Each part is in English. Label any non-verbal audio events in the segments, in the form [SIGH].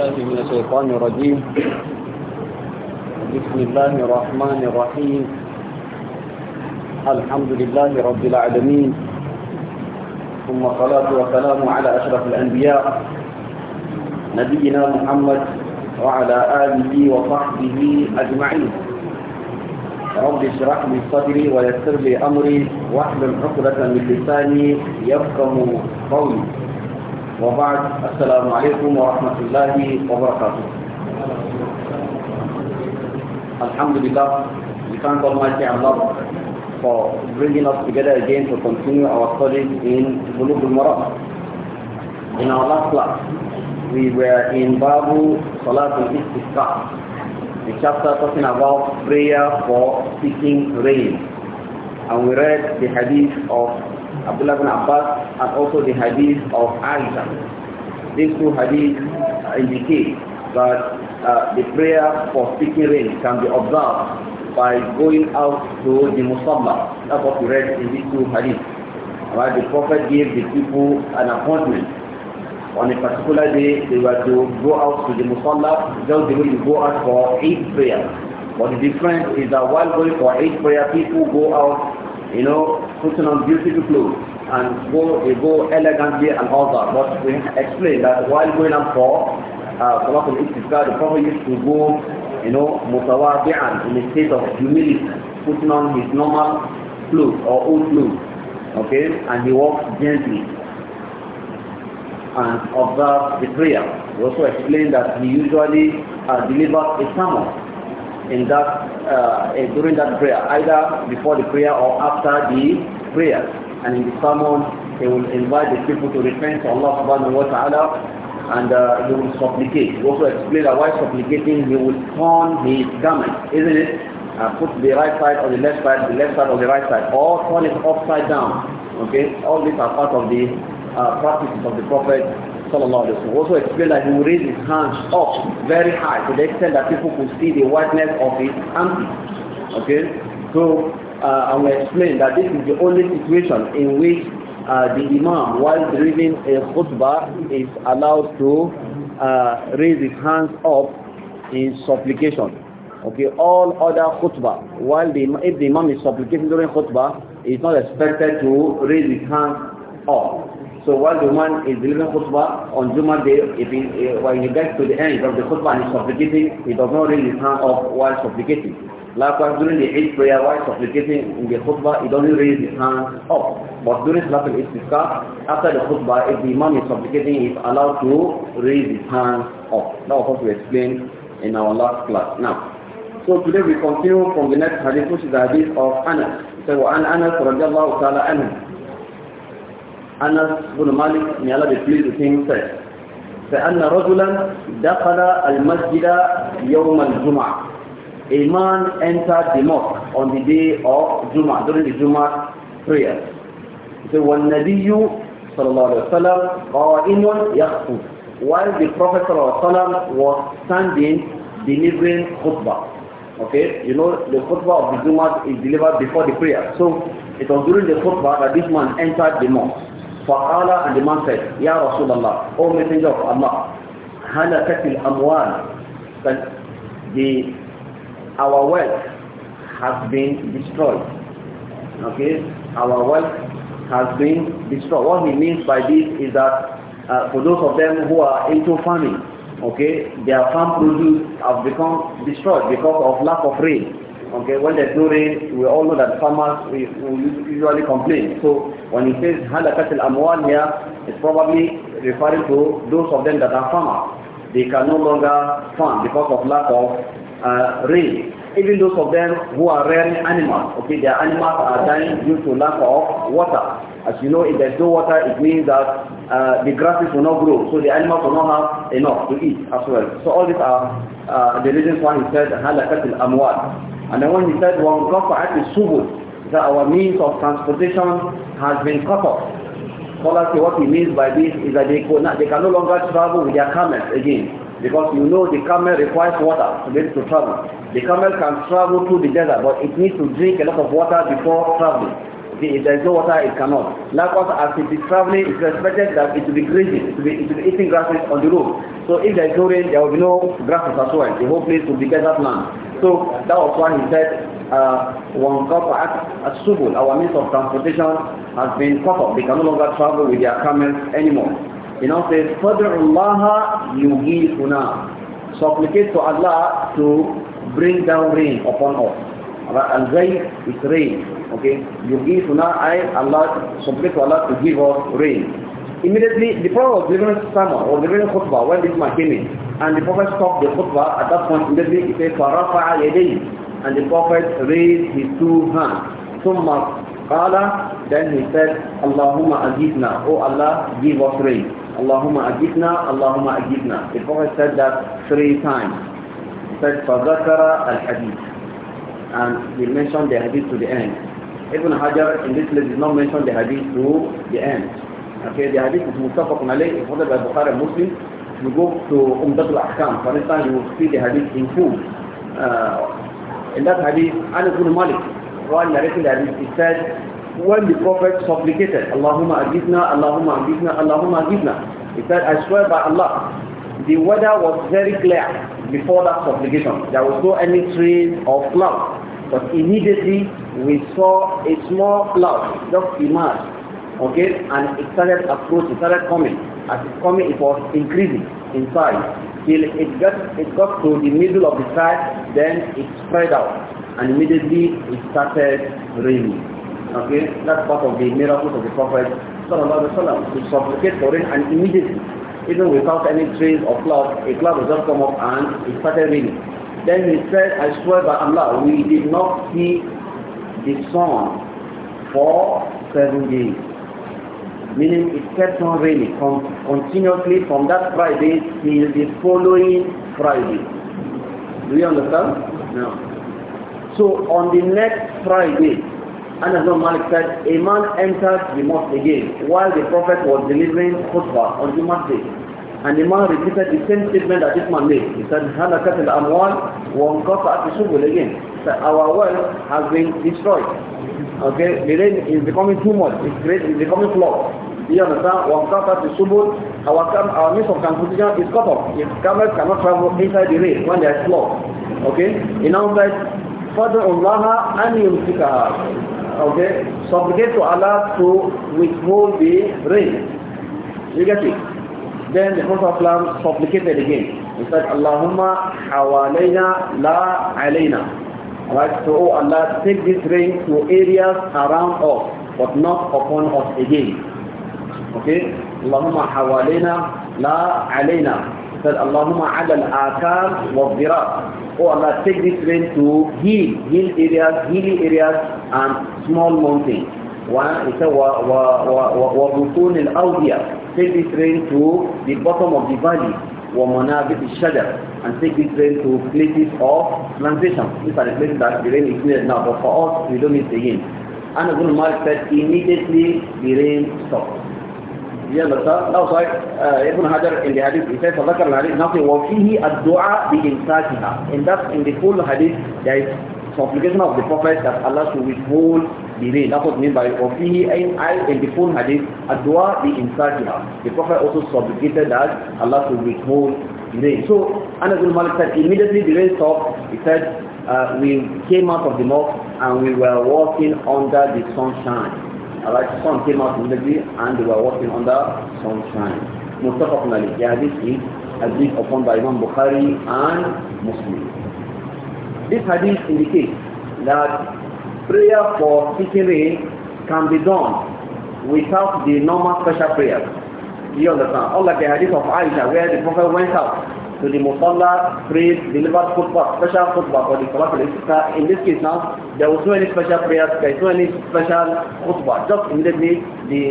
بالله من الشيطان الرجيم بسم الله الرحمن الرحيم الحمد لله رب العالمين ثم صلاة وسلام على أشرف الأنبياء نبينا محمد وعلى آله وصحبه أجمعين رب اشرح لي صدري ويسر لي أمري واحلل عقدة من لساني يفقه قولي وبعد السلام عليكم ورحمة الله وبركاته الحمد لله we thank Almighty Allah for bringing us together again to continue our studies in Bulub al In our last class, we were in Babu Salat al-Istisqa, the chapter talking about prayer for seeking rain. And we read the hadith of Abdullah ibn Abbas, and also the hadith of Aisha. These two hadiths indicate that uh, the prayer for speaking rain can be observed by going out to the Musalla. That's what we read in these two hadiths. Right? The Prophet gave the people an appointment. On a particular day, they were to go out to the Musalla, just they were to go out for eight prayer. But the difference is that while going for eight prayer, people go out you know, putting on beautiful clothes and go, they go elegantly and all that. But we explain that while going up for uh, Salat the Prophet used to go, you know, mutawadi'an, in a state of humility, putting on his normal clothes or old clothes, okay, and he walks gently and observes the prayer. We also explained that he usually uh, delivers a sermon in that uh, during that prayer, either before the prayer or after the prayer. And in the sermon, he will invite the people to repent to Allah subhanahu wa ta'ala and uh, he will supplicate. He also explain that while supplicating, he will turn his garment, isn't it? Uh, put the right side on the left side, the left side on the right side, or turn it upside down. Okay, all these are part of the uh, practices of the Prophet Sallallahu Alaihi Wasallam also explained that he would raise his hands up very high to the extent that people could see the whiteness of his armpit. Okay? So, uh, I will explain that this is the only situation in which uh, the Imam, while delivering a khutbah, is allowed to uh, raise his hands up in supplication. Okay, all other khutbah, while the, if the Imam is supplicating during khutbah, he is not expected to raise his hands up. So while the man is delivering khutbah on Juma day, if he, uh, when he gets to the end of the khutbah and he's supplicating, he does not raise his hand up while supplicating. Likewise, during the Eid prayer, while supplicating in the khutbah, he doesn't raise his hand up. But during Salatul Istisqa, after the khutbah, if the imam is supplicating, he is allowed to raise his hand up. That was course, we explained in our last class. Now, so today we continue from the next hadith, which is the hadith of Anas. So, Anas, radiallahu ta'ala anhu. Anas bin Malik, may Allah be pleased with him, said, فأن رجلا دخل المسجد يوم الجمعة A man entered the mosque on the day of Juma. during the Jummah prayer. So والنبي صلى الله عليه وسلم قائم يخطب While the Prophet صلى الله عليه وسلم was standing delivering khutbah. Okay, you know the khutbah of the Juma is delivered before the prayer. So it was during the khutbah that this man entered the mosque. فقال and the man said يا رسول O messenger of Allah هلكت amwan that the our wealth has been destroyed okay our wealth has been destroyed what he means by this is that uh, for those of them who are into farming okay their farm produce have become destroyed because of lack of rain Okay, when there's no rain, we all know that farmers we, we usually complain. So when he says halakat al amwal here, it's probably referring to those of them that are farmers. They can no longer farm because of lack of uh, rain. Even those of them who are rearing animals, okay, their animals are dying due to lack of water. As you know, if there's no water, it means that uh, the grasses will not grow, so the animals will not have enough to eat as well. So all these are uh, the reasons why he said halakat al amwal. And then when he said, one at is subul, that our means of transportation has been cut off. Scholars what he means by this is that they, could not, they can no longer travel with their camels again. Because you know the camel requires water to be able to travel. The camel can travel through the desert, but it needs to drink a lot of water before traveling. If there is no water, it cannot. Likewise, as it is traveling, it's expected that it will be grazing, it will be, it will be eating grasses on the road. So if there is no rain, there will be no grasses as well. The whole place will be desert land. So that was why he said, one uh, cup at subul, our means of transportation has been cut off. They can no longer travel with their camels anymore. You know, says, فَدْعُ يُغِيثُنَا Supplicate to Allah to bring down rain upon us. Al-Zayt is rain. Okay? You give now I Allah, submit to Allah to give us rain. Immediately, the Prophet was delivering summer or delivering khutbah when this man came in. And the Prophet stopped the khutbah. At that point, immediately he said, فَرَفَعَ يَدَيْهِ And the Prophet raised his two hands. ثُمَّ قَالَ Then he said, اللهم أجبنا Oh Allah, give us rain. اللهم أجبنا اللهم أجبنا The Prophet said that three times. He said, al الْحَدِيث and we mentioned the hadith to the end. Ibn Hajar in this list did not mention the hadith to the end. Okay, the hadith is mustafa alayh, it's by Bukhari Muslim. you go to Umdatul al-Ahkam, for instance, you will see the hadith in full. Uh, in that hadith, Anas ibn Malik, while narrating the hadith, he said, when the Prophet supplicated, Allahumma agizna, Allahumma agizna, Allahumma agizna, he said, I swear by Allah, the weather was very clear before that supplication. There was no any trees or cloud. But immediately we saw a small cloud just emerge, okay, and it started approaching, started coming. As it coming, it was increasing in size till it got it got to the middle of the sky, then it spread out, and immediately it started raining. Okay, that's part of the miracles of the Prophet Sallallahu Alaihi Wasallam to supplicate for rain, and immediately, even without any trace of cloud, a cloud just come up and it started raining. Then he said, I swear by Allah, we did not see the sun for seven days. Meaning it kept on raining continuously from that Friday till the following Friday. Do you understand? No. So on the next Friday, Anas bin Malik said, a man entered the mosque again while the Prophet was delivering khutbah on the mosque. And man repeated the same statement that this man made. He said, Halakat al again. our world has been destroyed. Okay, the rain is becoming too much. It's great, it's becoming flawed. You understand? Wa anqata'at subul. Our, our means of transportation is cut off. If camels cannot travel inside the rain when there is flood. Okay? In our said, فَدْعُ اللَّهَ أَنْ يُمْسِكَهَا Okay? Supplicate to Allah to withhold the rain. You get it? Then the Prophet supplicated again. He said, Allahumma hawalayna la alayna. Right, so oh Allah, take this rain to areas around us, but not upon us again. Okay? Allahumma hawalayna la alayna. He said, Allahumma ala al-akam wa zirat." Oh Allah, take this rain to heal, heal areas, hilly areas, and small mountains. وبطون الأوضية take the train to the bottom of the valley ومنابت الشجر and take the train to places of transition these are the places that the rain is needed now but for us we don't need it again Anas bin Malik said immediately the rain stopped you understand? Now, sorry, uh, Ibn Hajar in the hadith, he says, فَذَكَرْ الْحَدِيث Now, وَفِيهِ الدُّعَى بِإِمْسَاكِهَا And that's in the full hadith, there is supplication of the Prophet that Allah should withhold the rain. That's what means by Wafihi and I in the full hadith, Adwa the insakiha. The Prophet also supplicated that Allah should withhold the rain. So Anas bin Malik said, immediately the rain stopped. He said, uh, we came out of the mosque and we were walking under the sunshine. Alright, sun came out immediately and we were walking under sunshine. Mustafa Malik yeah, this is a upon by Imam Bukhari and Muslim. This hadith indicates that prayer for seeking rain can be done without the normal special prayer. Do you understand? Unlike the hadith of Aisha where the Prophet went out to the Musalla, prayed, delivered khutbah, special khutbah for the Salat al In this case now, there was no any special there there is no any special khutbah. Just immediately the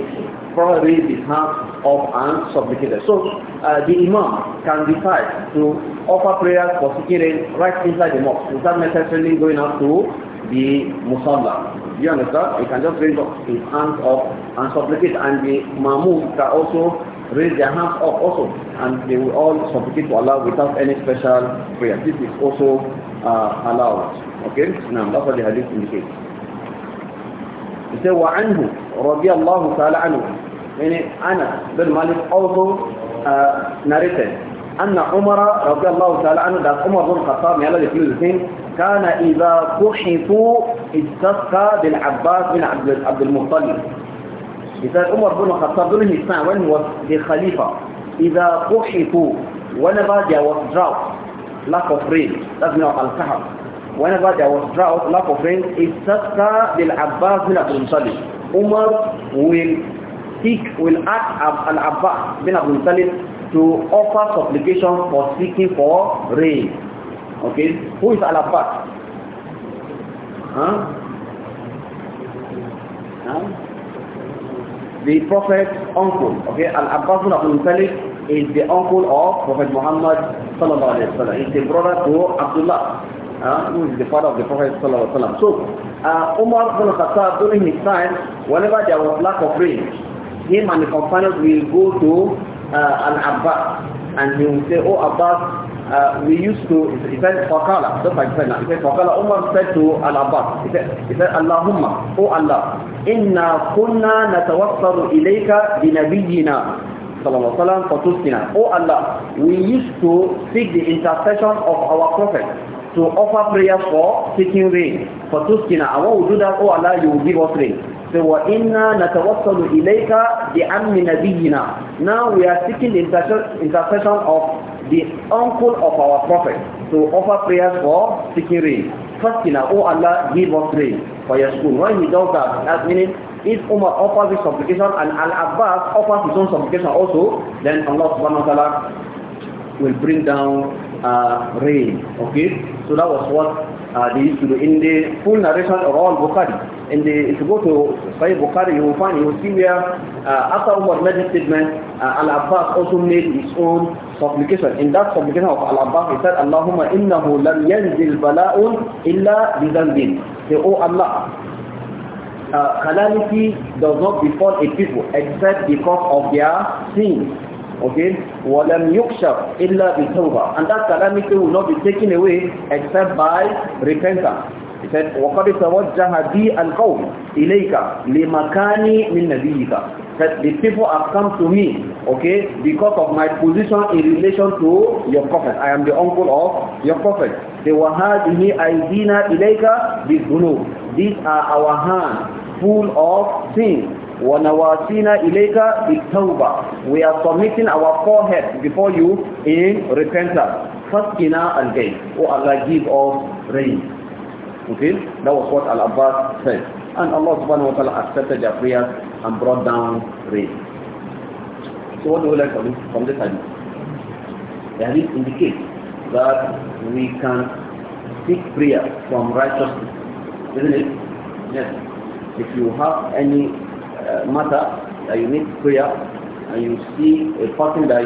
probably the hands of and supplicated. So uh, the imam can decide to offer prayers for seeking rain right inside the mosque without necessarily going out to the musalla. You understand? He can just raise up his hands up and supplicate and the mamun can also raise their hands up also and they will all supplicate to Allah without any special prayer. This is also uh, allowed. Okay? Now that's what the hadith indicates. يقول عنه رضي الله تعالى عنه يعني أنا بن مالك also uh, آه، أن عمر رضي الله تعالى عنه ده عمر بن الخطاب يلا يقول كان إذا تحفوا استسقى بالعباس بن عبد عبد المطلب إذا عمر بن الخطاب بن his وين هو he إذا تحفوا whenever there was لا كفرين لازم يوقع that's whenever there was drought, lack of rain, istaska bil Abbas bin Abdul Muttalib. Umar will seek, will ask Al Abbas bin Abdul Muttalib to offer supplication for seeking for rain. Okay, who is Al Abbas? Huh? Huh? The Prophet's uncle. Okay, Al Abbas bin Abdul Muttalib is the uncle of Prophet Muhammad sallallahu alaihi wasallam. He's the brother to Abdullah who is the father of the Prophet ﷺ. So uh, Umar ibn Khattab during his time, whenever there was lack of rain, him and the companions will go to uh, Al-Abbas and he will say, oh Abbas, uh, we used to, he said, Fakala, just like said now, he said, Fakala, Umar said to Al-Abbas, he said, he said, Allahumma, oh Allah, inna kunna natawassaru ilayka binabiyyina sallallahu alaihi wasallam for Oh Allah, we used to seek the intercession of our prophet to offer prayers for seeking rain. For tuskina, I want to do that, oh Allah, you will give us rain. So wa inna natawassalu ilayka bi ammi nabiyyina. Now we are seeking the intercession of the uncle of our prophet to offer prayers for seeking rain. Tuskina, oh Allah, give us rain for your school. When he does that, that meaning if Umar offers his supplication and Al-Abbas offers his own supplication also, then Allah subhanahu wa ta'ala will bring down uh, rain. Okay, so that was what uh, they used to do. In the full narration of all Bukhari, in the, if you go to Sahih Bukhari, you will find, you will see where uh, after Umar made his statement, uh, Al-Abbas also made his own supplication. In that supplication of Al-Abbas, he said, Allahumma innahu lam yanzil bala'un illa bizanbin. Say, oh Allah, uh, calamity does not befall a people except because of their sins. Okay? وَلَمْ illa bi بِتَوْبَةٍ And that calamity will not be taken away except by repentance. He said, وَقَدْ تَوَجَّهَ بِي الْقَوْمِ ilayka لِمَكَانِ مِنْ نَبِيِّكَ That the people have come to me, okay, because of my position in relation to your prophet. I am the uncle of your prophet. They were هَذِهِ ilayka bi بِالْذُنُوبِ These are our hands full of sin. وَنَوَاسِينَ إِلَيْكَ بِالتَّوْبَةِ We are submitting our forehead before you in repentance. inna الْغَيْثِ O Allah, give us rain. Okay? That was what Al-Abbas said. And Allah subhanahu wa ta'ala accepted their prayers and brought down rain. So what do we learn from this, from this hadith? The hadith indicates that we can seek prayer from righteousness. Isn't it? Yes. If you have any uh, matter that you need prayer and you see a person that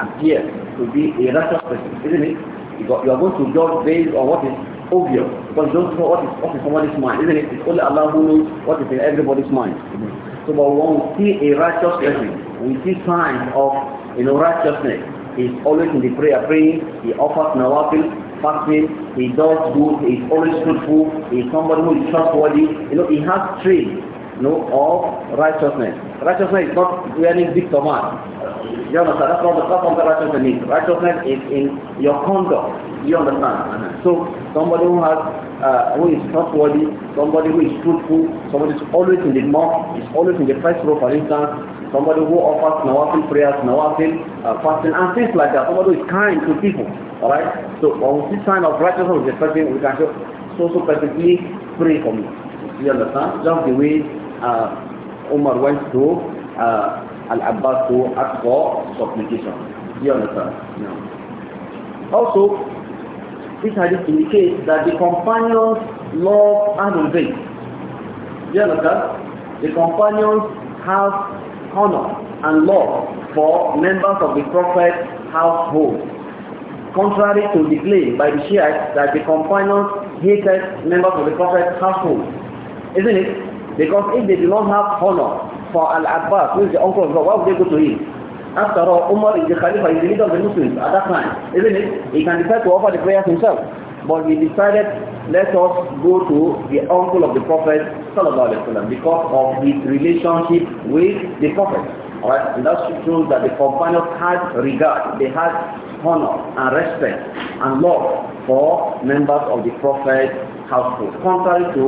appears to be a righteous person, isn't it? Because you are going to judge based on what is obvious because you don't know what is, in somebody's mind, isn't it? It's only Allah who knows what is in everybody's mind. Mm -hmm. So but when we see a righteous person, we see signs of you know righteousness. He's always in the prayer praying, he offers nawafil, fasting, he does good, he's always truthful, he's somebody who is trustworthy, you know, he has traits no, of righteousness. Righteousness is not wearing big command. You understand? That's not the stuff of the righteousness means. Righteousness is in your conduct. You understand? So somebody who has uh, who is trustworthy, somebody who is truthful, somebody who is always in the mosque, is always in the first row for instance, somebody who offers nawafil prayers, nawafil uh, fasting and things like that, somebody who is kind to people. Alright? So on this sign of righteousness is person we can just so so perfectly pray for me. You understand? Just the way uh, Umar went to uh, Al-Abbas to ask for supplication. you understand? No. Also, this hadith indicates that the companions love Ahlul Bayt. you understand? The companions have honor and love for members of the Prophet's household. Contrary to the claim by the Shiites that the companions hated members of the Prophet's household. Isn't it? Because if they do not have honor for Al-Abbas, who is the uncle of God, why would they go to him? After all, Umar is the Khalifa, is the leader of the Muslims at that time. Isn't it? He can decide to offer the prayers himself. But he decided, let us go to the uncle of the Prophet Alaihi Wasallam, because of his relationship with the Prophet. Alright, and that shows that the companions had regard, they had honor and respect and love for members of the Prophet household, contrary to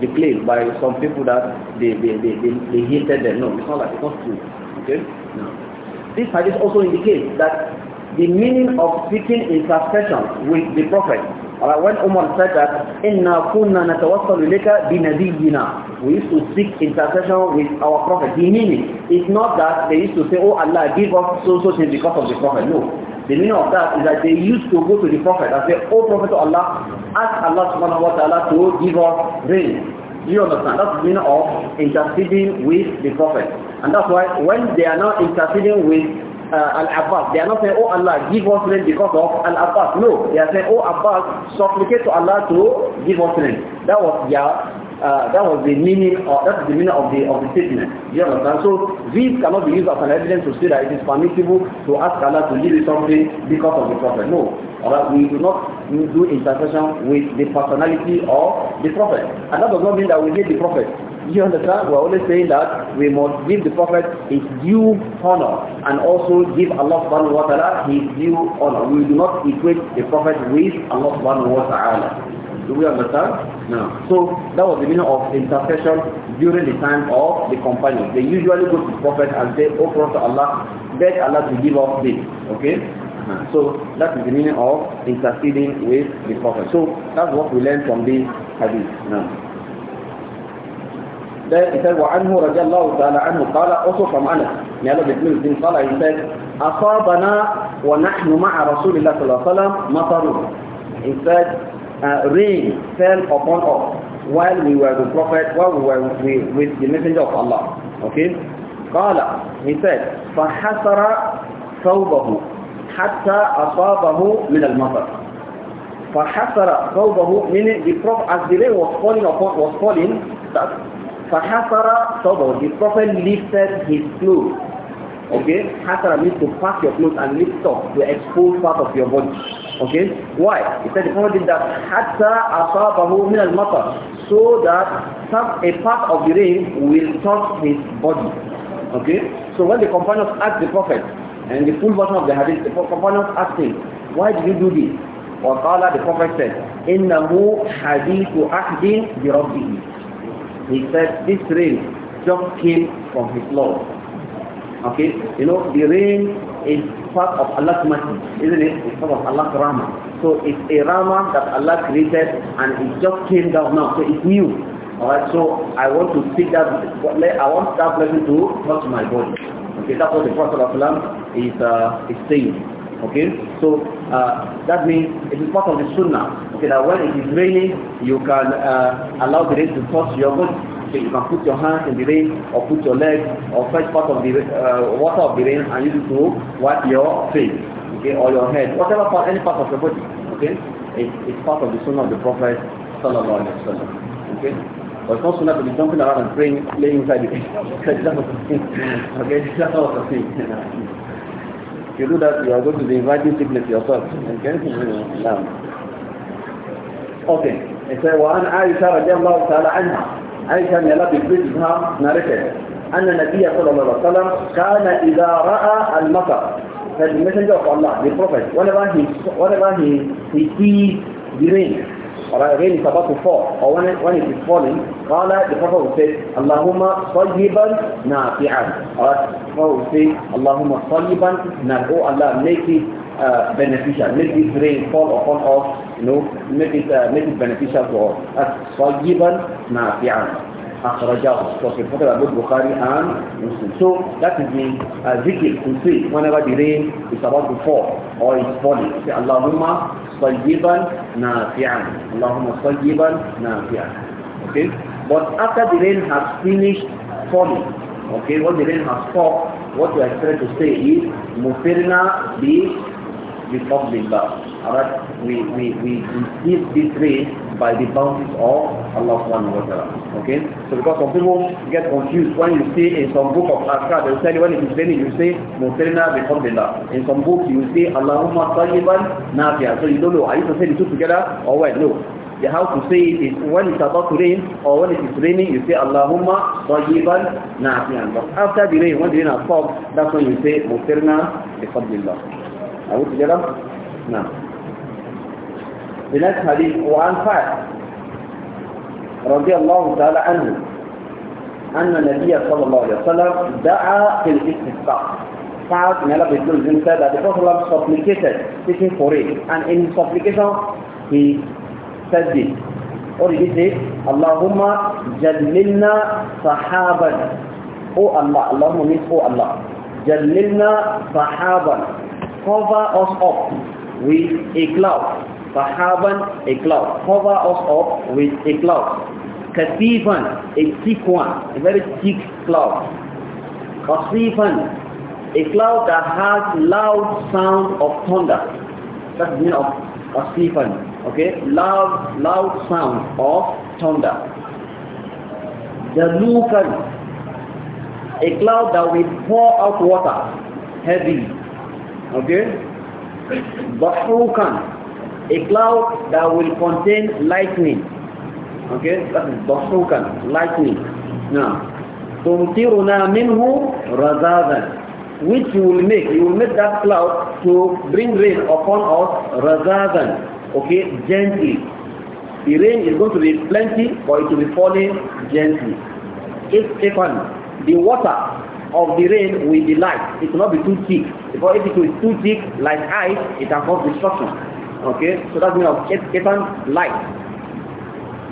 the claim by some people that they, they, they, they, they hated them. No, it's not like it's not true. Okay? No. This hadith also indicates that the meaning of speaking intercession with the Prophet. Right, uh, when Umar said that, إِنَّا كُنَّا نَتَوَصَّلُ إِلَيْكَ بِنَبِيِّنَا We used to seek intercession with our Prophet. The meaning is not that they used to say, Oh Allah, give us so so things because of the Prophet. No. The meaning of that is that they used to go to the Prophet and say, Oh Prophet of Allah, ask Allah subhanahu wa ta'ala to give us rain. Do you understand? That's the meaning of interceding with the Prophet. And that's why when they are not interceding with uh, Al-Abbas. They are not saying, oh Allah, give us rain because of Al-Abbas. No, they are saying, oh Abbas, supplicate to Allah to give us rain. That was their Uh, that was the meaning of, that's the meaning of the, of the statement. Do you understand? So this cannot be used as an evidence to say that it is permissible to ask Allah to give you something because of the Prophet. No. Alright, we do not do intercession with the personality of the Prophet. And that does not mean that we hate the Prophet. Do you understand? We're always saying that we must give the Prophet his due honor and also give Allah subhanahu wa ta'ala his due honor. We do not equate the Prophet with Allah subhanahu wa ta'ala. Do we understand? No. So that was the meaning of intercession during the time of the companions. They usually go to Prophet and say, Oh Prophet Allah, beg Allah to give us this. Okay? Uh-huh. So that is the meaning of interceding with the Prophet. So that's what we learn from this hadith. Now. Then it said, وعنه رضي الله تعالى عنه قال also from Anas, may Allah be pleased with him, he said, أصابنا ونحن مع رسول الله صلى الله عليه وسلم مطر. He said, uh, rain fell upon us while we were the prophet, while we were with, with the messenger of Allah. Okay? Qala he said فحسر ثوبه حتى أصابه من المطر فحسر ثوبه meaning the prophet as the rain was falling upon was falling that فحسر ثوبه the prophet lifted his clothes okay حسر means to pack your clothes and lift up to expose part of your body Okay? Why? He said the Prophet did that حَتَّى أَصَابَهُ مِنَ الْمَطَرِ So that some, a part of the rain will touch his body. Okay? So when the companions asked the Prophet, and the full version of the hadith, the companions asked him, why did you do this? وقال the Prophet said, إِنَّهُ حَدِيثُ أَحْدٍ بِرَبِّهِ He said, this rain just came from his Lord. Okay? You know, the rain is part of Allah's mercy, isn't it? It's part of Allah's Rahmah. So it's a Rahmah that Allah created and it just came down now, so it's new. Alright, so I want to speak that, I want that blessing to touch my body. Okay, that's what the Prophet of Islam is, uh, is saying. Okay, so uh, that means it is part of the Sunnah. Okay, that when it is raining, you can uh, allow the rain to touch your body. So you can put your hands in the rain or put your legs or fetch part of the uh, water of the rain and use it to wipe your face, okay, or your head, whatever part, any part of your body, okay? It's, it's part of the sunnah of the Prophet sallallahu alaihi wasallam, okay? But it's not sunnah to be jumping around and praying, laying inside the okay? [LAUGHS] That's not the thing. if you do that, you are going to be inviting sickness yourself, okay? [LAUGHS] Okay. It says, وعن عائشة رضي الله تعالى عنها عائشة التي تبذلها نركز أن النبي صلى الله عليه وسلم كان إذا رأى المطر فالمسنجر of Allah, the prophet, whenever he, whenever he, he Alright, rain is about to fall. Or when it, when it is falling, Qala, the Prophet will say, Allahumma sayyiban nafi'an. Alright, the Prophet will say, Allahumma sayyiban nafi'an. Oh Allah, make it uh, beneficial. Make this rain fall upon us. You know, make it, uh, make it beneficial to us. As sayyiban nafi'an. So So that is the uh, zikr to say whenever the rain is about to fall or is falling. Say Allahumma صيبا نافعا اللهم صيبا نافعا okay but after the rain has finished falling okay what the rain has fallen what we are trying to say is mufirna bi bi alright we we we receive this rain by the bounties of Allah subhanahu wa ta'ala. Okay? So because some people get confused when you see in some book of Azkar, they tell you when it is raining, you say Musirna bihamdillah. In some books you say Allahumma tayyiban nafiyah. So you don't know, are you to say the two together or what? No. The how to say it is when it's about to rain or when it is raining, you say Allahumma tayyiban nafiyah. But after the rain, when the rain has stopped, that's when you say Musirna bihamdillah. Are we together? No. بنفس هذه القرآن فات رضي الله تعالى عنه أن النبي صلى الله عليه وسلم دعا في الاستفقاء فات نلا بيتول جنسا دا دي فوق لام سوبليكيتد سيكين فوري أن إن سوبليكيشن هي سجد أولي بيتي اللهم جللنا صحابا أو الله اللهم نيس أو الله جللنا صحابا cover us up with a cloud Sahaban, a cloud. Cover us up with a cloud. Katiban, a thick one, a very thick cloud. Kasifan, a cloud that has loud sound of thunder. That's the meaning of Kasifan. Okay? Loud, loud sound of thunder. Jalukan, a cloud that will pour out water, heavy. Okay? Bahrukan, a cloud that will contain lightning. Okay, that is basukan, lightning. Now, tumtiruna minhu razadan, which you will make, you will make that cloud to bring rain upon us razadan, okay, gently. The rain is going to be plenty, but it will be falling gently. If even the water of the rain will be light, it will not be too thick. Because if it is too thick, like ice, it can cause destruction. Okay, so that's mean of Ketan's light.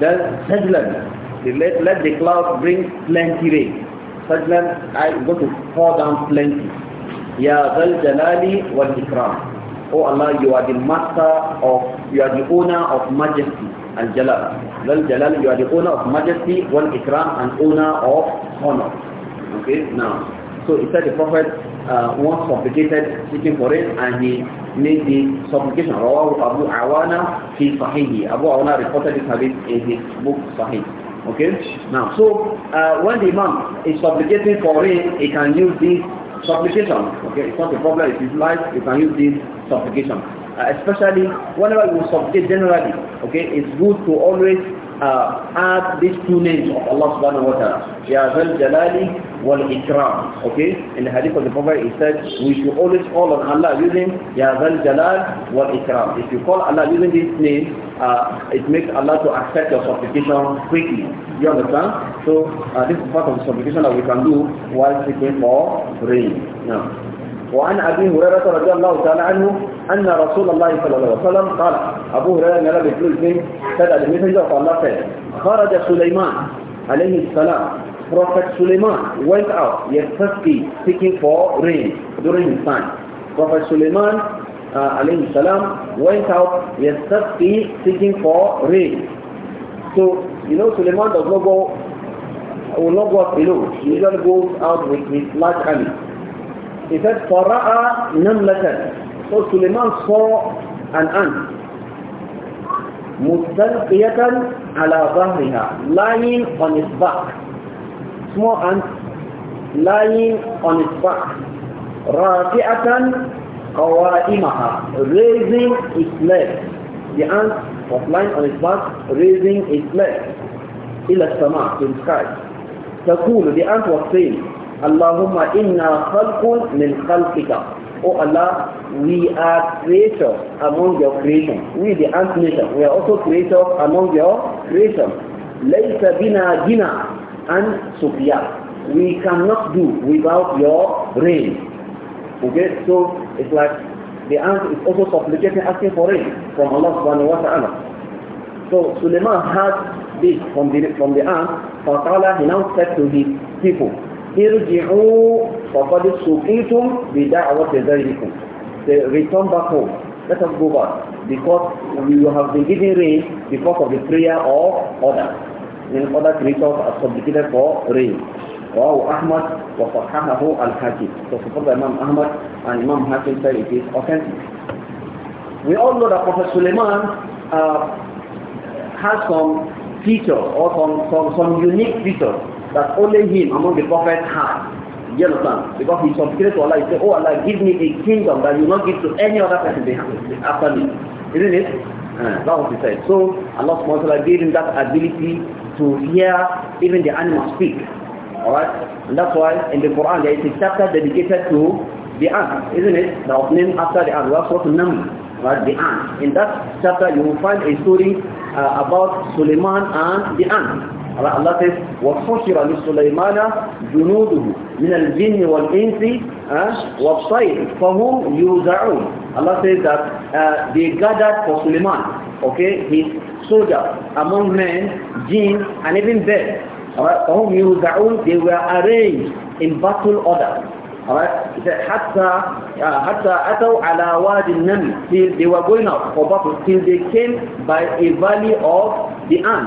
Then Sajlan, the let, let the cloud bring plenty rain. Sajlan, i go to pour down plenty. Ya Zal Jalali wal Ikram. Oh Allah, you are the master of, you are the owner of majesty and Jalal. Zal Jalali, you are the owner of majesty, wal Ikram, and owner of honor. Okay, now. So he said the Prophet uh, once supplicated seeking for it and he made the supplication. Rawahu Abu Awana fi Sahihi. Abu Awana reported this hadith in his book Sahih. Okay? Now, so uh, when the Imam is supplicating for rain, he can use this supplication. Okay? It's not a problem. It is life. You can use this supplication. Uh, especially whenever you supplicate generally, okay, it's good to always uh, add these two names of Allah subhanahu wa ta'ala. Ya Zal Jalali ikram, okay in the hadith of the prophet he said we should always call on Allah using Ya يا Jalal الجلال ikram. if you call Allah using this name uh, it makes Allah to accept your supplication quickly you understand so uh, this is part of the supplication that we can do while seeking for rain now وعن أبي هريرة رضي الله تعالى عنه أن رسول الله صلى الله عليه وسلم قال أبو هريرة نرى بكل الفين said the messenger of Allah said خرج سليمان عليه السلام Prophet Suleiman went out thirsty, seeking for rain during his time. Prophet Suleiman uh, alayhi salam went out thirsty, seeking for rain. So, you know, Suleiman does not go, will not go up below. He usually goes out with his large army. He said, فَرَأَى نَمْلَةً So Suleiman saw an ant. مستلقية على ظهرها lying on its back small ant lying on its back, rafi'atan qawaimaha, raising its leg. The ant was lying on its back, raising its leg, ila sama, to the sky. تقول the ant was saying, Allahumma inna khalqun min khalqika. O oh Allah, we are creators among your creation. We the ant nation, we are also creators among your creation. ليس بنا جنا and Sufyan. We cannot do without your rain. Okay, so it's like the answer is also supplicating, asking for rain from Allah subhanahu wa ta'ala. So Suleiman had this from the, from the ant, فَقَالَ He now said to his people, ارجعوا فقد سقيتم بدعوة ذلكم They return back home. Let us go back because we have been given rain because of the prayer of others. in other creatures are subjugated for rain. Rawahu Ahmad wa sahahahu al-Hakim. So supported Imam it is authentic. We all know that Prophet Suleiman uh, has some features or some, some, some unique features that only him among the prophets had. You understand? Because he supplicated to Allah, he said, Oh Allah, give me a kingdom that you not give to any other person behind after me. Isn't it? Uh, that was he said. So Allah SWT gave him that ability to hear even the animals speak. Alright? And that's why in the Quran there is a chapter dedicated to the ant, isn't it? The opening after the ant. That's the name? Right? The ant. In that chapter you will find a story uh, about Suleiman and the ant. Allah says, وَحُشِرَ لِسُلَيْمَانَ جُنُودُهُ مِنَ الْجِنِّ وَالْإِنْسِ وَالصَّيْرِ فَهُمْ يُوزَعُونَ Allah says that uh, they gathered for Suleiman, okay, his Soldier among men, jinn, and even birds. Alright, for whom yuzaun, they were arranged in battle order. Alright, he said, Hatta, uh, Hatta ala wadi nam, till they were going out for battle, till they came by a valley of the ant.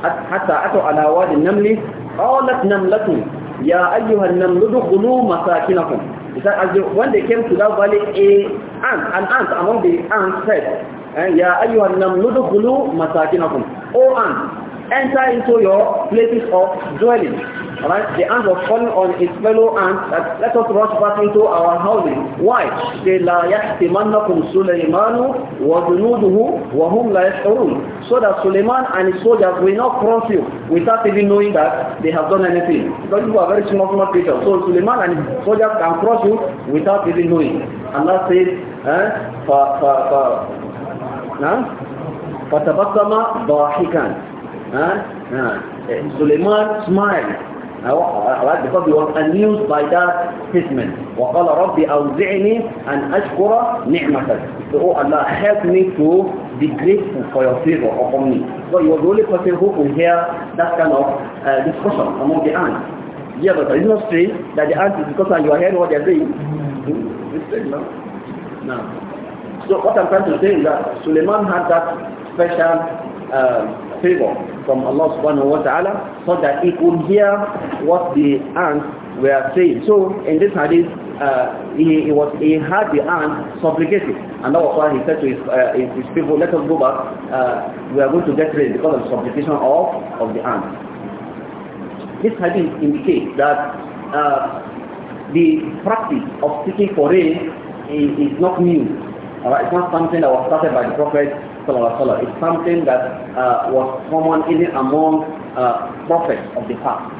Hatta ato ala wadi namli, qalat namlatun, ya ayyuhan namlu dukhulu masakinakum. He said, as they, when they came to that valley, a ant, an ant among the ants said, Eh, ya ayyuhan nam nudukulu masakinakum. O oh, an, enter into your places of dwelling. Alright, the ant was falling on its fellow ant that let us rush back into our housing. Why? They la yahtimannakum Sulaymanu wa junuduhu wa hum la yash'urun. So that Suleiman and his soldiers will not cross you without even knowing that they have done anything. Because you are very small, small creatures. So Suleiman and his soldiers can cross you without even knowing. Allah says, eh, for, for, فتبسم ضاحكا سليمان smiled right because he was amused by that statement وقال ربي أوزعني أن أشكر نعمتك so oh Allah help me to be grateful for your favor upon me so you are the only person who can hear that kind of uh, discussion among the ants yeah but it's not strange that the ants is because you are hearing what they are saying hmm? it's strange no? no So what I'm trying to say is that Suleiman had that special uh, favor from Allah subhanahu wa ta'ala so that he could hear what the ants were saying. So in this hadith, uh, he, he, was he had the ants supplicating. And that was why he said to his, uh, his, people, let us go back, uh, we are going to get rain because of the supplication of, of the ants. This hadith indicates that uh, the practice of seeking for rain is, is not new Alright, it's not something that was started by the Prophet It's something that uh, was common even among uh, prophets of the past.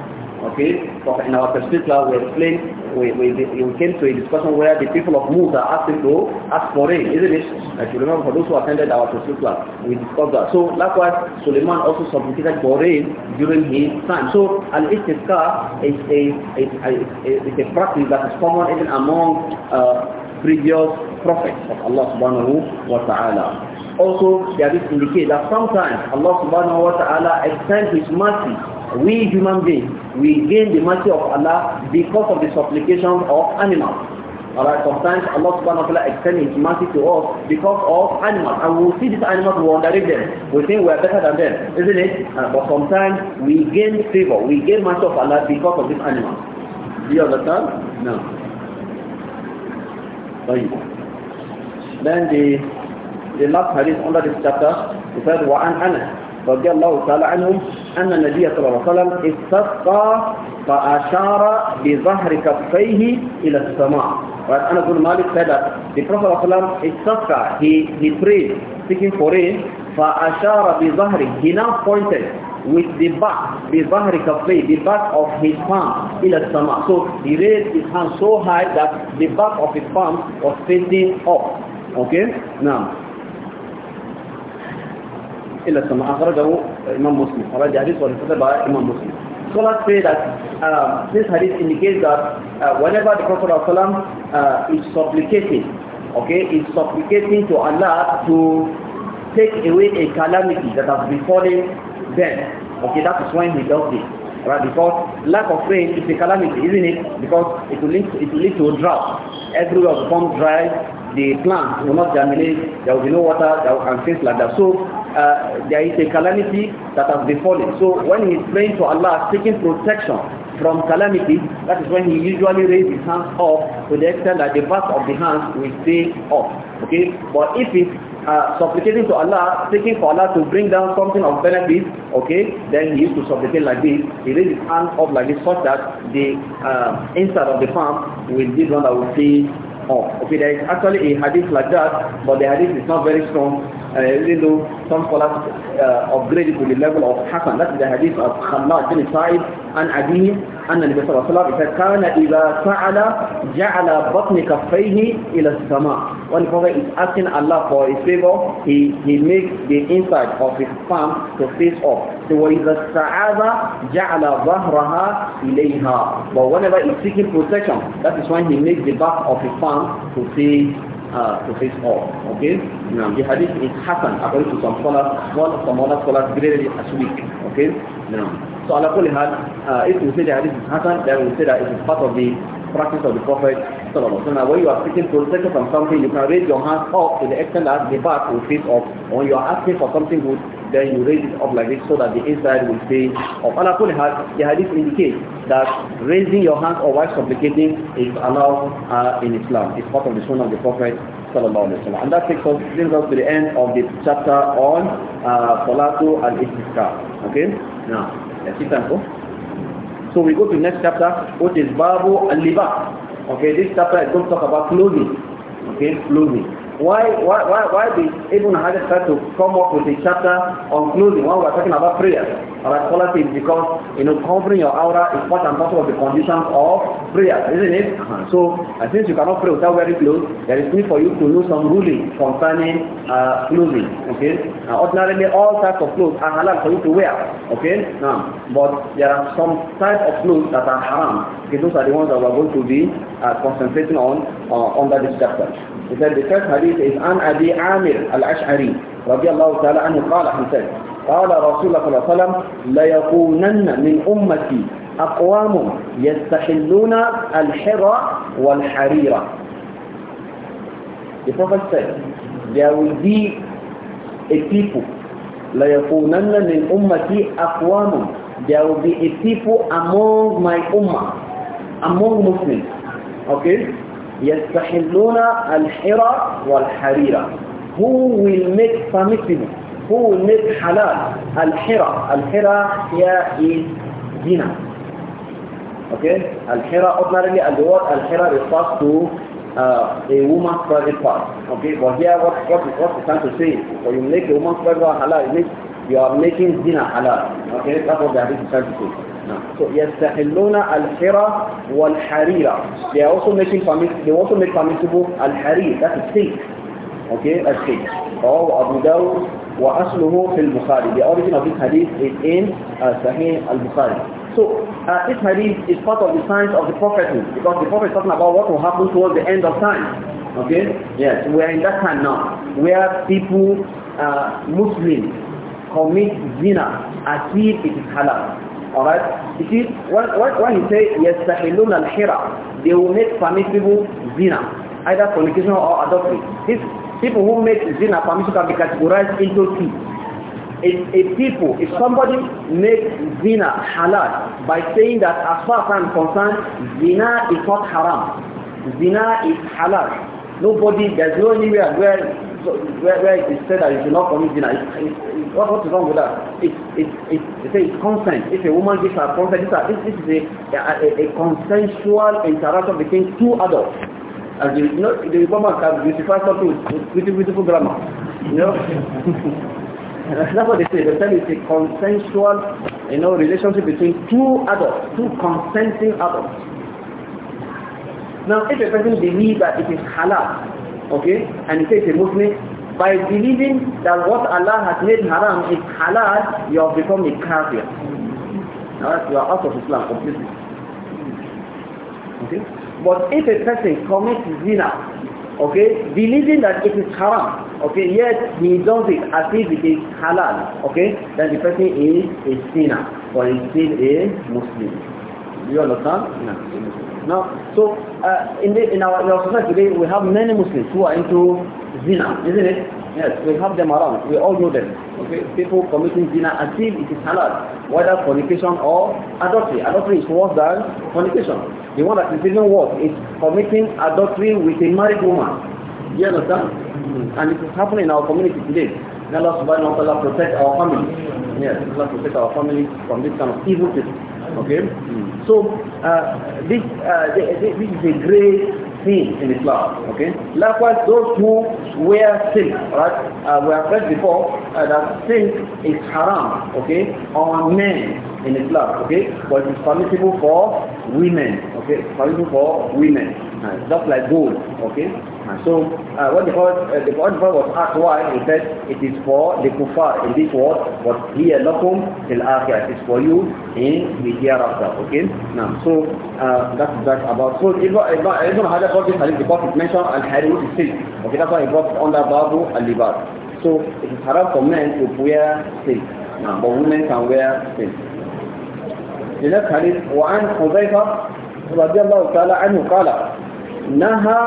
Okay, in our particular we explained, we, we, we came to a discussion where the people of Musa asked to ask for rain, isn't it? If you remember, for those who attended our particular, we discussed that. So likewise, Suleiman also supplicated for rain during his time. So al-istisqa is a, is, a is, a practice that is common even among uh, previous prophets of Allah subhanahu wa ta'ala. Also, there is indicate that sometimes Allah subhanahu wa ta'ala extends his mercy. We human beings, we gain the mercy of Allah because of the supplication of animals. Alright, sometimes Allah subhanahu wa ta'ala extends his mercy to us because of animals. And we see these animals, we underrate them. We think we are better than them, isn't it? Uh, but sometimes we gain favor, we gain mercy of Allah because of these animals. Do you understand? No. طيب Then the, the last hadith under this chapter, it says, وعن أنس رضي الله تعالى عنهم أن النبي صلى الله عليه وسلم استسقى فأشار بظهر كفيه إلى السماء. Right? Anas bin Malik said that the Prophet صلى الله عليه وسلم he, he prayed seeking for rain فأشار بظهره. He now pointed with the back, the bahri kafay, the back of his palm, ila sama. So he raised his hand so high that the back of his palm was facing up. Okay? Now. إلا السماء أخرجه إمام مسلم أخرج was والفتر by Imam Muslim scholars say that uh, this hadith indicates that uh, whenever the Prophet ﷺ, uh, is supplicating okay, is supplicating to Allah to take away a calamity that has befallen Then, Okay, that is when he does it. Right, because lack of rain is a calamity, isn't it? Because it will lead to, it will lead to a drought. Everywhere will become dry, the plants will not germinate, there will be no water, There will, and things like that. So uh, there is a calamity that has befallen. So when he is praying to Allah, seeking protection from calamity, that is when he usually raise his hands up to the extent that the back of the hands will stay up. Okay? But if it uh, supplicating to Allah, seeking for Allah to bring down something of benefit, okay, then he used to supplicate like this. He raised his hand up like this such that the uh, inside of the palm will be one that will see off. Okay, there is actually a hadith like that, but the hadith is not very strong, uh, even though some scholars uh, upgrade it to the level of Hassan. That is the hadith of Khammad bin Sa'id and Adi and the Nabi Sallallahu Alaihi Wasallam said, كَانَ إِذَا سَعَلَ جَعَلَ بَطْنِ كَفَّيْهِ إِلَى السَّمَاءِ When the Prophet is asking Allah for his favor, he, he makes the inside of his palm to face up. So وَإِذَا سَعَذَ جَعَلَ ظَهْرَهَا إِلَيْهَا But whenever he's seeking protection, that is when he makes the back of his palm to face to face off. Okay? No. The hadith is Hassan according to some scholars, one some other scholars greatly it as weak. Okay? No. So Allah uh, if we say the hadith is Hassan, then we say that it is part of the practice of the Prophet so now when you are seeking protection from something, you can raise your hands up to the extent that the back will face up. When you are asking for something good, then you raise it up like this so that the inside will stay up. And upon the hadith indicates that raising your hands or while supplicating is allowed uh, in Islam. It's part of the sunnah of the Prophet and that takes us, brings us to the end of the chapter on uh, Salatu al-Istisqa. Okay? Now, let's see time So we go to the next chapter, which is Babu al liba Okay, this chapter is going to talk about clothing. Okay, clothing. why, why, why, why did Ibn Hajar try to come up with a chapter on clothing when we are talking about prayer? Our quality is because, you know, covering your aura is part and parcel of the condition of prayer, isn't it? Uh -huh. So, uh, since you cannot pray without wearing clothes, there is need for you to know some ruling concerning uh, clothing, okay? Uh, ordinarily, all types of clothes are halal for you to wear, okay? Now, but there are some types of clothes that are haram. Okay, those are the ones that we are going to be uh, concentrating on uh, under this chapter. He said the first hadith is An Abi Amir al-Ash'ari radiallahu ta'ala anhu qala he said قال رسول الله صلى الله عليه وسلم ليكونن من أمتي أقوام يستحلون الحرى والحريرة The Prophet said there will be a people ليكونن من أمتي أقوام there will be a people among my ummah among Muslims okay يستحلون الحرى والحريرة who will make permissible who will make الحرى الحرى here is zina okay الحرى ordinarily the word الحرى refers to uh, a woman's private part okay but here what what what is trying to say when you make a woman's private part halal it means you are making zina halal okay that's what the hadith is trying to say So يستحلون الحرى والحريرة. They are also making permissible. They also make permissible الحرير. That is silk. Okay, a silk. Or Abu Dawud وأصله في البخاري. The origin of this hadith is in uh, Sahih al-Bukhari. So uh, this hadith is part of the science of the prophecy because the prophet is talking about what will happen towards the end of time. Okay? Yes, we are in that time now where people, uh, Muslims, commit zina as if it is halal. Alright? You see, when, when, when he say, يَسْتَحِلُّونَ الْحِرَى They will make permissible zina, either fornication or adultery. These people who make zina permissible can be categorized into two. If, a people, if somebody makes zina halal by saying that as far as I'm concerned, zina is not haram. Zina is halal. Nobody, there's no anywhere where, where, where it is said that you should not commit zina. It, it, what, what is wrong with that? It, it, it, it, it's consent. If a woman gives her consent, this, this is a, a, a consensual interaction between two adults. And you know, the woman can beautify something with beautiful grammar. You know? [LAUGHS] That's what they say. They say it's a consensual, you know, relationship between two adults, two consenting adults. Now, if a person believes that it is halal, okay, and he says a Muslim, by believing that what Allah has made haram is halal, you have become a kafir. Now, you are out of Islam completely. Okay? But if a person commits zina, okay, believing that it is haram, okay, yet he does it as if it is halal, okay, then the person is a sinner, but he still a Muslim. you understand? No. No. So uh, in, the, in our, our society today, we have many Muslims who are into zina, isn't it? Yes, we have them around. We all know them. Okay, people committing zina until it is halal, whether fornication or adultery. Adultery is worse than fornication. The one that is even worse is committing adultery with a married woman. you understand? Mm -hmm. And it is happening in our community today. May Allah subhanahu wa ta'ala protect our family. Yes, Allah protect our family from this kind of evil thing. Okay? Mm -hmm. So uh, this, uh, this is a great thing in Islam. Okay. Likewise, those who wear silk, right? Uh, we have said before uh, that silk is haram. Okay, on men in Islam. Okay, but it's permissible for women. Okay, permissible for women. Uh, just like gold. Okay, So uh, what the Prophet, uh, the Prophet was asked why, he said, it is for the kuffar in this world, but here lakum till akhirah, it's for you in the hereafter, okay? Now, so uh, that's that about, so Ibn, Ibn, Ibn Hajar brought this hadith, the Prophet mentioned al-harut is silk, okay, that's why he brought under babu al-libas. So it is haram for men to wear silk, now, but women can wear silk. The next hadith, وعن حذيفة رضي الله تعالى عنه قال نهى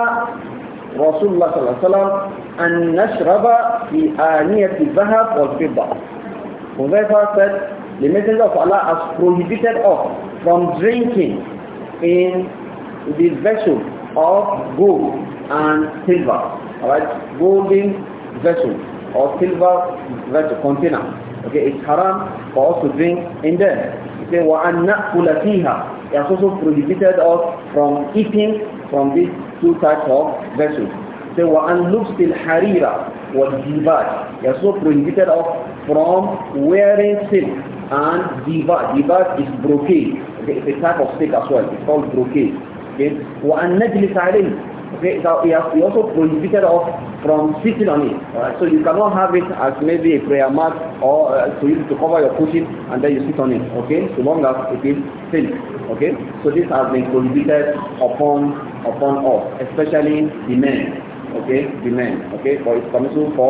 رسول الله صلى الله عليه وسلم fi نشرب al آنية الذهب والفضة Huzaifa said, the Messenger of Allah has prohibited us from drinking in the vessel of gold and silver, alright, golden vessel or silver vessel, container. Okay, it's haram for us to drink in there. He said, وَأَنْ نَأْكُلَ فِيهَا It has also prohibited us from eating from these two types of vessels. They were unloosed in harira was diva. They are so prohibited of from wearing silk and diva. Diva is brocade. Okay, it's a type of silk as well. It's called brocade. Okay. Okay, so we are also prohibited off from sitting on it. Right? So you cannot have it as maybe a prayer mat or uh, to use to cover your cushion and then you sit on it. Okay, so long as it is thin. Okay? So this has been prohibited upon upon us, especially the men. Okay? The men. Okay? But it's permissible for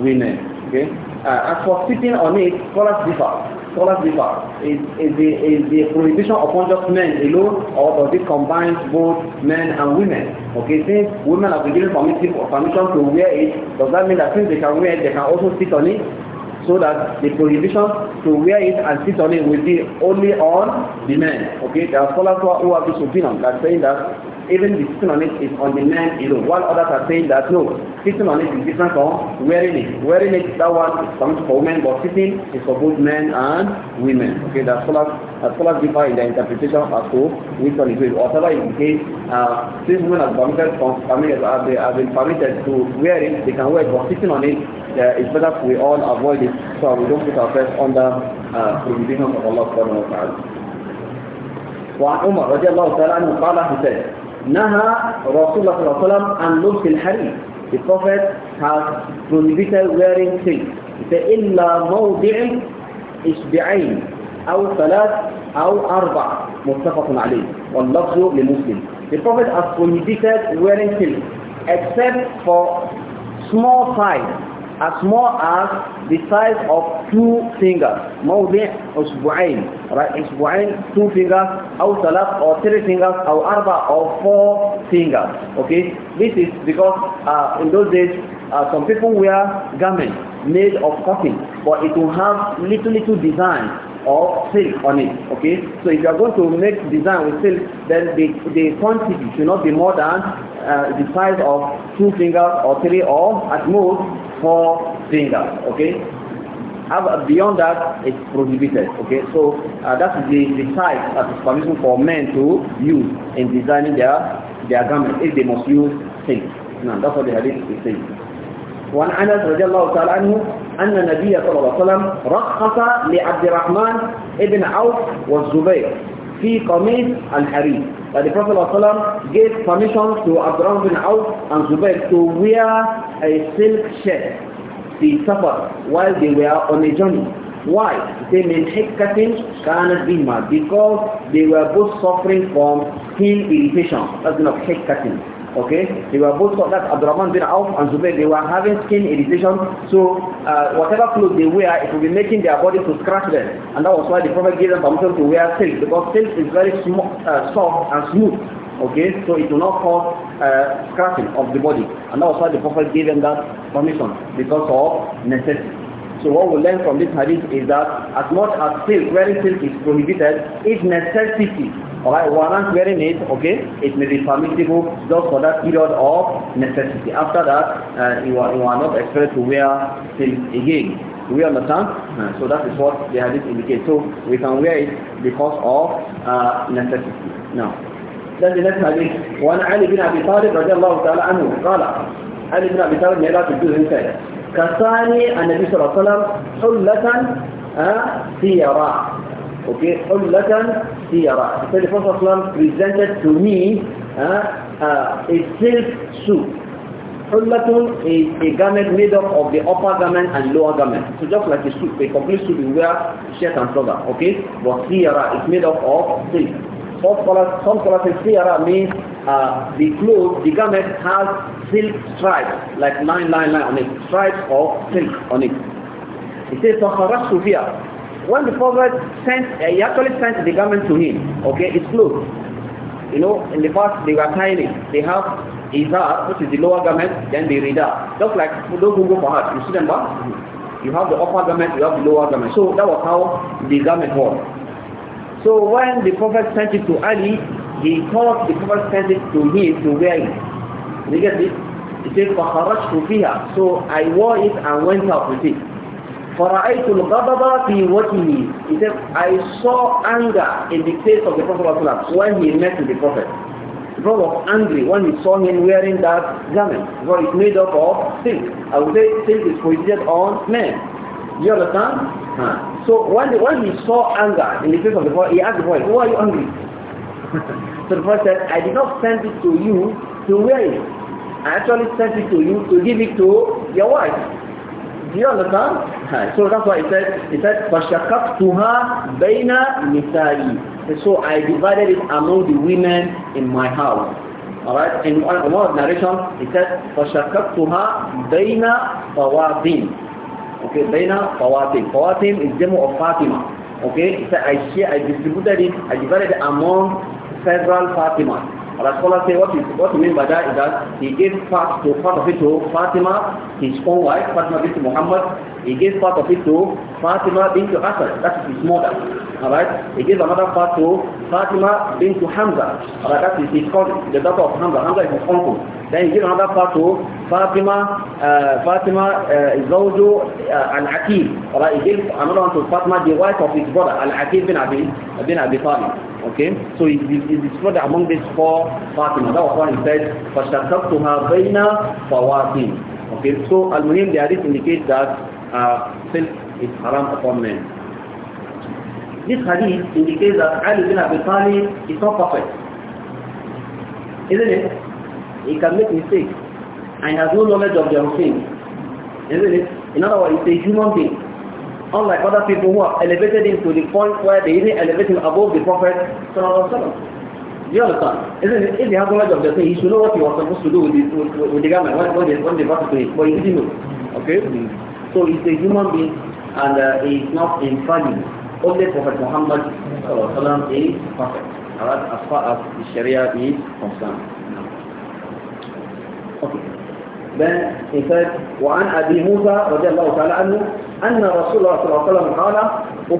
women. Okay? Uh, as for sitting on it, scholars differ. Scholars differ. Is, is, the, is the prohibition upon just men alone or does it combine both men and women? Okay, since women have been given permission, permission to wear it, does that mean that since they can wear it, they can also sit on it? so that the prohibition to wear it and sit on it will be only on the men. Okay, there are scholars who have this opinion that saying that even the sitting on it is on the man alone. While others are saying that no, sitting on it is different from wearing it. Wearing it, that one is something for women, but sitting is for both men and women. Okay, the scholars, the scholars differ in their interpretation of to which one is which. Whatever is the case, uh, since women are permitted, from, permitted uh, have, been, have been permitted to wear it, they can wear it, but sitting on it uh, is better we all avoid it so we don't put ourselves under uh, prohibition of Allah subhanahu wa ta'ala. وعن عمر رضي الله تعالى عنه قال حسين نهى رسول الله صلى الله عليه وسلم عن لبس الحرير The Prophet has prohibited wearing silk. He said, إلا موضع إشبعين أو ثلاث أو أربع متفق عليه واللفظ لمسلم. The Prophet has prohibited wearing silk except for small size as small as the size of two fingers موضع أسبوعين right أسبوعين two fingers أو ثلاث or three fingers أو أربع or four fingers okay this is because uh, in those days uh, some people wear garments made of cotton but it will have little little design or silk on it okay so if you are going to make design with silk then the, the quantity should not be more than uh, the size of two fingers or three or at most four fingers, okay? beyond that, it's prohibited, okay? So uh, that's the, the size that is permission for men to use in designing their, their garment if they must use things. Now, that's what the hadith is saying. وعن انس رضي الله تعالى عنه ان النبي صلى الله عليه وسلم رخص لعبد الرحمن ابن عوف والزبير fi qamis al-harir. That the Prophet ﷺ gave permission to Abdurrahman bin Auf and Zubayr to wear a silk shirt, the safar, while they were on a journey. Why? They made hikkatin kana dhimma because they were both suffering from skin irritation, as in head cutting. Okay? They were both called that Abdurrahman bin Auf and Zubair. They were having skin irritation. So uh, whatever clothes they wear, it will be making their body to scratch them. And that was why the Prophet gave them permission to wear silk because silk is very uh, soft and smooth. Okay, so it will not cause uh, scratching of the body. And that was why the Prophet gave them that permission because of necessity. So what we learn from this hadith is that as much as silk, wearing silk is prohibited, if necessity Alright, not wearing it, okay, it may be permissible just for that period of necessity. After that, uh, you, are, you are not expected to wear silk again. Do we understand? Uh, so that is what the hadith indicates. So we can wear it because of uh, necessity. Now, then the next hadith, وعن علي بن أبي طالب رضي الله تعالى عنه قال Ali ibn Abi Talib made out to do himself. Kasani and Nabi Sallallahu Alaihi Wasallam hullatan siyara. Okay, hullatan siyara. So the Prophet Sallallahu presented to me uh, uh, a silk suit. Hullatun is a garment made up of the upper garment and lower garment. So just like a suit, a complete suit you wear shirt and trouser, okay? But siyara is made up of silk. Some colors some scholars say tiara means uh, the clothes, the garment has silk stripes, like nine line line on it, stripes of silk on it. He says, to فِيهَا When the Prophet sent, uh, he actually sent the garment to him, okay, it's clothes. You know, in the past they were tiny. They have izar, which is the lower garment, then the rida. Just like those who go for hajj, you see them back? Mm-hmm. You have the upper garment, you have the lower garment. So that was how the garment was. So when the Prophet sent it to Ali, he thought the Prophet sent it to him to wear it. You get this? He said, فَخَرَجْتُ فِيهَا So I wore it and went out with it. فَرَأَيْتُ الْغَضَبَ فِي وَجْهِهِ He said, I saw anger in the face of the Prophet when he met with the Prophet. The Prophet was angry when he saw him wearing that garment. Because it's made up of silk. I would say silk is prohibited on men. You understand? Huh. So when, when he saw anger in the face of the boy, he asked the boy, why are you angry? [LAUGHS] so the boy said, I did not send it to you to wear it. I actually sent it to you to give it to your wife. Do you understand? Huh. So that's why he said, he said, فَشَكَفْتُهَا baina نِسَائِي So I divided it among the women in my house. Alright, in one, one narration, it says, فَشَكَفْتُهَا بَيْنَ طَوَابِينَ Okay, Baina Fawatim. Fawatim is demo of Fatima. Okay, so I share, I distributed it, I divided it among several Fatimas. Our scholars say what, is, what we mean by that is that he gave part to part of it to Fatima, his own wife, Fatima bint Muhammad. He gave part of it to Fatima bint Asad, that is his mother. Alright? He gave another part to Fatima bint Hamza, alright, that is his cousin, the daughter of Hamza. Hamza is his uncle. لأن يجينا هذا فاطمة فاطمة آه فاطمة آه زوج آه العتيق يجيب another one to Fatima the wife of his brother العتيق بن أبي بن أبي طالب okay so he is described among these four Fatima that was why he said فشكرتها بين فواتين okay so المهم the hadith indicates that uh, is haram upon men this hadith indicates that Ali bin Abi Talib is not perfect isn't it he can make mistakes and has no knowledge of their things. Isn't it? In other words, it's a human being. Unlike other people who have elevated him to the point where they even elevate him above the Prophet Do you understand? Isn't it? If he has knowledge of their thing, he should know what he was supposed to do with the, with, with the garment when, when, they, when they brought it to him. But he didn't know. Okay? So he's a human being and uh, he is not infallible. Only Prophet Muhammad is perfect. Alright, as far as the Sharia is concerned. Okay. Then he said, وعن أبي موسى رضي الله تعالى عنه أن رسول الله صلى الله عليه وسلم قال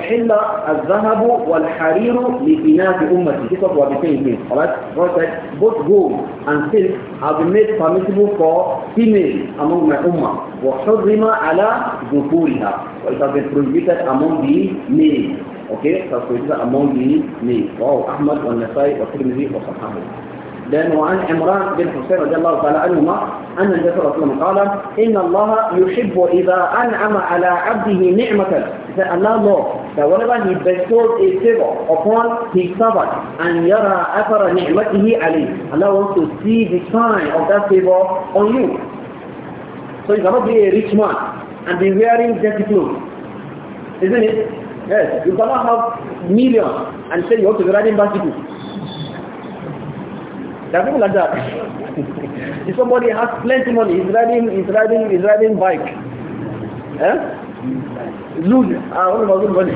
أحل الذهب والحرير لإناث أمتي. This was what the king did. Alright? God said, both gold and silk have been made permissible for females among my ummah. وحرم على ذكورها. So it has been prohibited among the males. Okay? It has been prohibited among the males. Wow. Ahmad, Al-Nasai, Al-Tirmidhi, Al-Sahabi. لأنه عن عمران بن حسين رضي الله تعالى عنهما أن النبي صلى الله عليه قال إن الله يحب إذا أنعم على عبده نعمة that Allah loves that whenever He bestows a favor upon His servant and yara athara ni'matihi ali Allah wants to see the sign of that favor on you so you cannot be a rich man and be wearing dirty clothes isn't it yes you cannot have millions and say you want to be riding bicycles There are like that. [LAUGHS] if somebody has plenty money, he's riding, he's riding, he's riding bike. Eh? Lose. Ah, only about good money. [LAUGHS]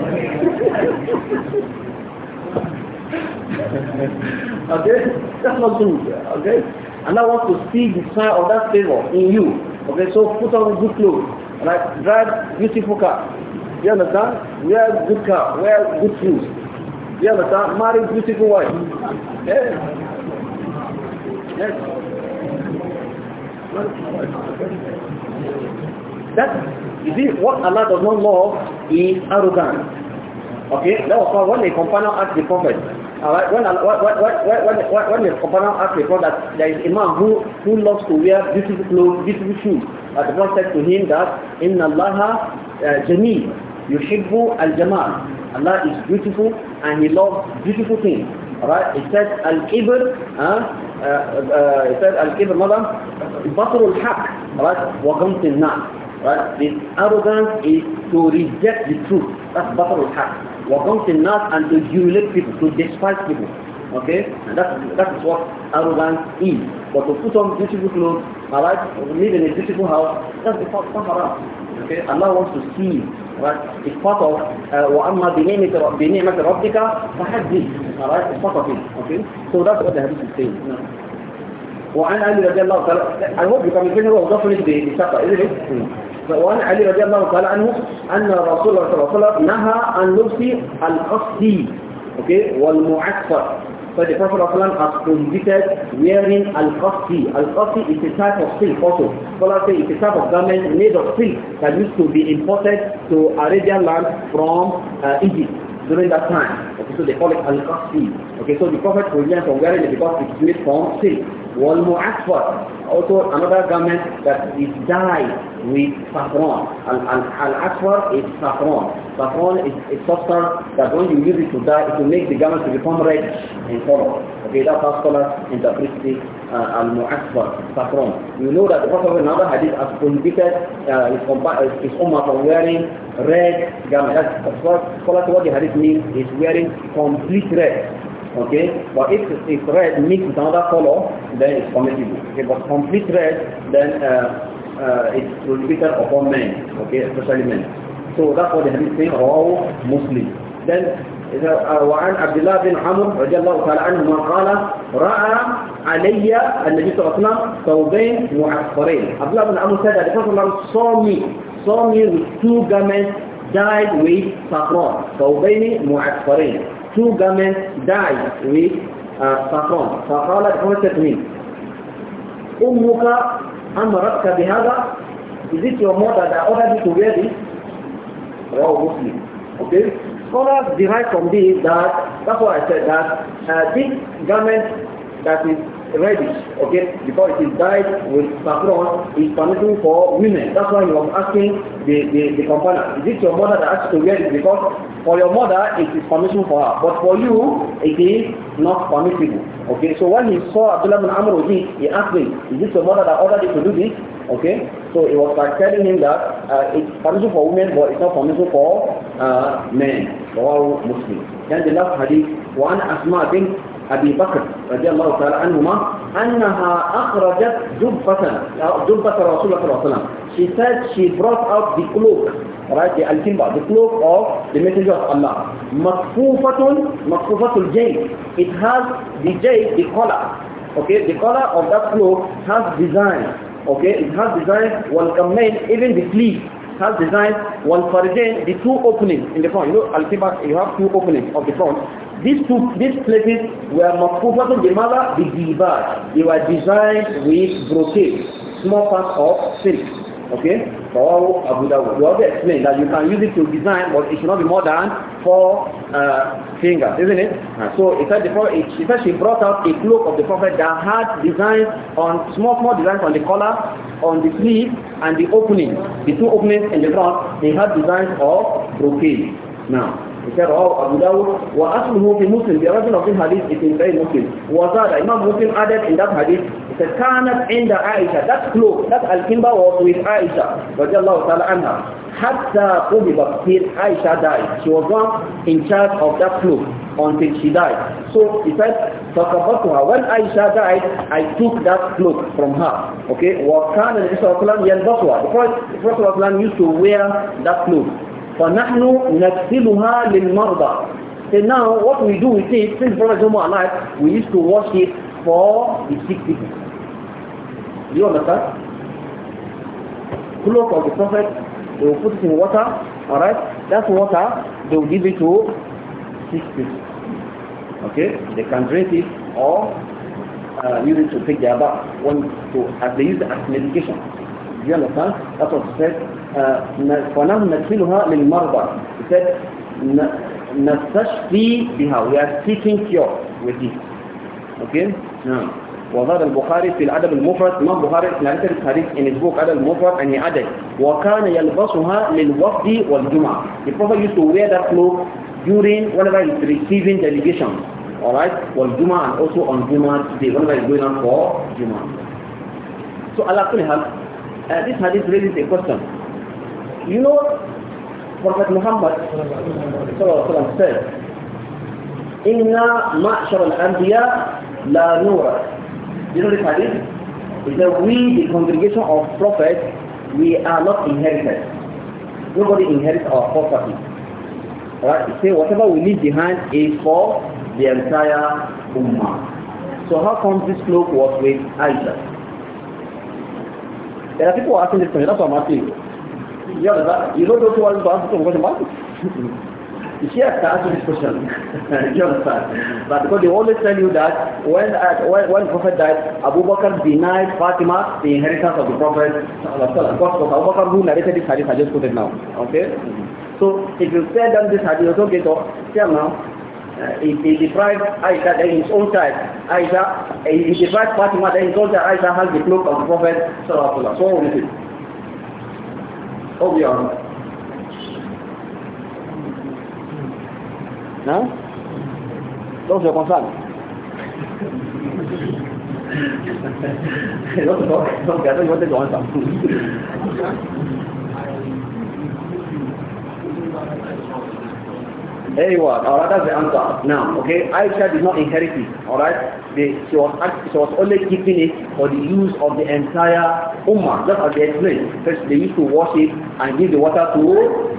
okay? That's not true. Okay? And I want to see the sign of that favor in you. Okay, so put on good clothes. like Drive beautiful car. You understand? Wear good car. Wear good shoes. You understand? Marry beautiful wife. Yeah. That, you see, what Allah does not love is arrogant. Okay, that was why when the companion asked the Prophet, Alright, when, when, when, when, when the companion asked the Prophet that there is a man who, who loves to wear beautiful clothes, beautiful shoes, uh, the Prophet said to him that, in Allah uh, Jami, جَمِيلٌ يُحِبُّ Jamal, Allah is beautiful and He loves beautiful things. Right? It says Al-Kibr, uh, uh, it says Al-Kibr, mother, Batrul Haq, right? Wagamt al Right? This arrogance is to reject the truth. That's Batrul Haq. Wagamt al and to humiliate people, to despise people. Okay? And that's, that is what arrogance is. But to put on beautiful clothes, alright, live in a beautiful house, that's the around. Okay? Allah wants to see right? آه، وَأَمَّا بِنِعْمَةِ رَبِّكَ فَحَدِّث Alright? It's part of it. ده So الثاني نعم. وعن علي رضي الله تعالى I هو you communicate هو ضفني بالشقة isn't it? نعم. وعن علي رضي الله تعالى عنه أن رسول الله صلى الله عليه وسلم نهى عن لبس القصي اوكي والمعسر So the Prophet of Islam has prohibited wearing al-qasdi. Al-qasdi is a type of silk also. Scholars say it's a type of garment made of silk that used to be imported to Arabian land from uh, Egypt during that time. Okay, so they call it al-qasdi. Okay, so the Prophet prohibited from wearing it because it's made from silk. والمعفر also another garment that is dyed with saffron. Al-asfar is saffron. Saffron is a substance that when you use it to dye, it will make the garment to become red in color. Okay, that's how scholars interpret the uh, al-mu'asfar, saffron. You know that the Prophet of another hadith has prohibited uh, his, his ummah from wearing red garment. That's what scholars what the hadith means is wearing complete red. Okay, but if if red mixed with another color, then it's permissible. Okay, but complete red, then uh, uh, it's prohibited upon men. Okay, especially men. So that's what have been saying, raw Muslim. Then وعن عبد الله بن عمر رضي الله تعالى عنهما قال راى علي النبي صلى الله عليه وسلم ثوبين معصفرين عبد الله بن عمر said that the Prophet saw me saw me with two garments dyed with saffron ثوبين معصفرين two garments dyed with uh, saffron. فقالت حوشت me, أمك أمرتك بهذا? Is it your mother that ordered you to wear this? Raw Muslim. Okay? Scholars derive from this that, that's why I said that uh, this garment that is reddish, okay, because it is dyed with saffron, is permitting for women. That's why he was asking the, the, the companion, is it your mother that asked to wear it? Because for your mother, it is permission for her, but for you, it is not permissible. Okay, so when he saw Abdullah bin Amr he asked him, is it your mother that ordered you to do this? Okay, so it was like telling him that uh, it's permissible for women, but it's not permissible for uh, men, for all Muslims. Then the last hadith, one Asma bin. أبي بكر رضي الله تعالى عنهما أنها أخرجت جبة جبة رسول الله صلى الله عليه وسلم she said she brought out the cloak right the alkimba the cloak of the messenger of Allah مكفوفة مكفوفة الجيد it has the jay the collar okay the collar of that cloak has design okay it has design والكمين even the sleeve has designed one for the two openings in the front. You know, Al-Kibar, you have two openings of the front. These two, these places were makufatun the mother, the divat. They were designed with brocade, small parts of silk. Okay? So I would have explained that you can use it to design, but it should not be more than four uh, fingers, isn't it? Right. Uh, so it said, before, it, it said she brought out a cloak of the Prophet that had designs on, small, small designs on the collar, on the sleeve, and the opening. The two openings in the front, they had designs of brocade. Now, كان رواه أبو داود وأصله في مسلم برجل في الحديث في غير مسلم وزاد إمام مسلم عدد عند الحديث فكانت عند عائشة ذات كلوب ذات الكنبة وصويت عائشة رضي الله تعالى عنها حتى قبب كثير عائشة died she was wrong in charge of that club until she died so he said فقبضتها when Aisha died I took that cloak from her okay وكان النبي صلى الله عليه وسلم ينبصها because the Prophet used to wear that cloak فَنَحْنُ نَكْسِلُهَا لِلْمَرْضَى So now what we do with it, since Prophet Jumma alive, we used to wash it for the sick people. Do you understand? Cloak of the Prophet, they will put it in water, alright? That water, they will give it to sick people. Okay? They can drink it or uh, use it to take their bath when, to, as they use it as medication. dialogue that was فنحن ندخلها للمرضى he نستشفي بها we are seeking cure with this okay وظهر البخاري في الأدب المفرد ما البخاري narrated this hadith in his book أدب المفرد and he وكان يلبسها للوفد والجمعة the prophet used to wear that cloth during whenever he's receiving delegation alright والجمعة and also on Juma day whenever he's going on for Juma so Allah will help uh, this hadith raises a question. You know, Prophet Muhammad said, Inna ma'shar al-anbiya la nura. You know this hadith? It that we, the congregation of prophets, we are not inherited. Nobody inherits our property. Right? It whatever we leave behind is for the entire ummah. So how come this cloak was with Isaac? And I think we're asking this to me, that's what I'm asking you. Yeah, that, you don't go to one to answer some question about it. She has to this question. [LAUGHS] you understand? But because they always tell you that when, uh, when, when Prophet died, Abu Bakr denied Fatima the inheritance of the Prophet. Because Abu Bakr who narrated this hadith, I just quoted now. Okay? So if you tell them this hadith, get so tell now, uh, he, he deprived Aisha in his own time. Aisha, eh, he deprived Fatima in his own time. Aisha has the cloak of the Prophet Sallallahu Alaihi Wasallam. So what is it? Hope you are. Huh? What's your concern? lúc đó không kể tôi muốn tôi gọi tổng Aywa, or rather the answer. Now, okay, Aisha did not inherit it, alright? She was, she was only keeping it for the use of the entire Ummah, just as they explained. First, they used to wash it and give the water to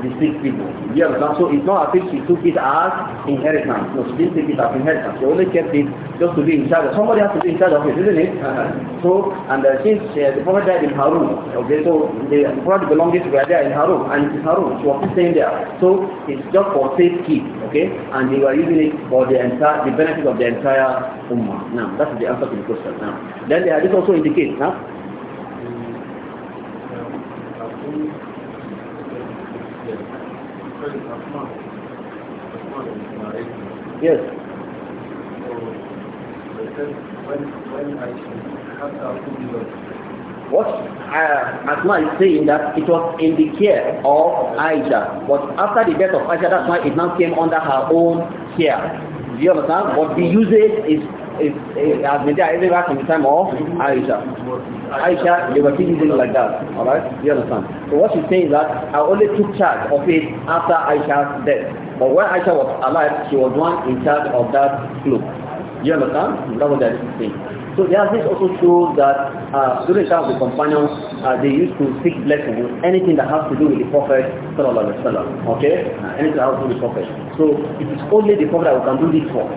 the sick people. You understand? So it's not as if she took it as inheritance. No, she didn't take it as inheritance. She only kept it just to be in charge. Somebody has to be in charge of it, isn't it? Uh -huh. So, and uh, since uh, the Prophet died in Harun, okay, so the Prophet belongs to there in Harun, and Harun, she was staying there. So it's just for safekeeping okay? And they were using it for the entire, the benefit of the entire ummah. Now, that's the answer to the question. Now, then the hadith also indicates, now, Yes. So, when, when I, What uh, Asma is saying that it was in the care of Aisha. But after the death of Aisha, that's why it now came under her own care. Do you understand? But the usage is is, is has been there everywhere from the time of Aisha. Aisha, they were still using like that. All right, Do you understand? So what she's saying is that I only took charge of it after Aisha's death. But when Aisha was alive, she was one in charge of that flow. Do you understand? That was the saying. So yeah, this also show that uh, during the time of the companions, uh, they used to seek blessings with anything that has to do with the Prophet sallallahu alaihi wasallam. Okay, uh, anything that has to do with the Prophet. So it is only the Prophet that we can do this for.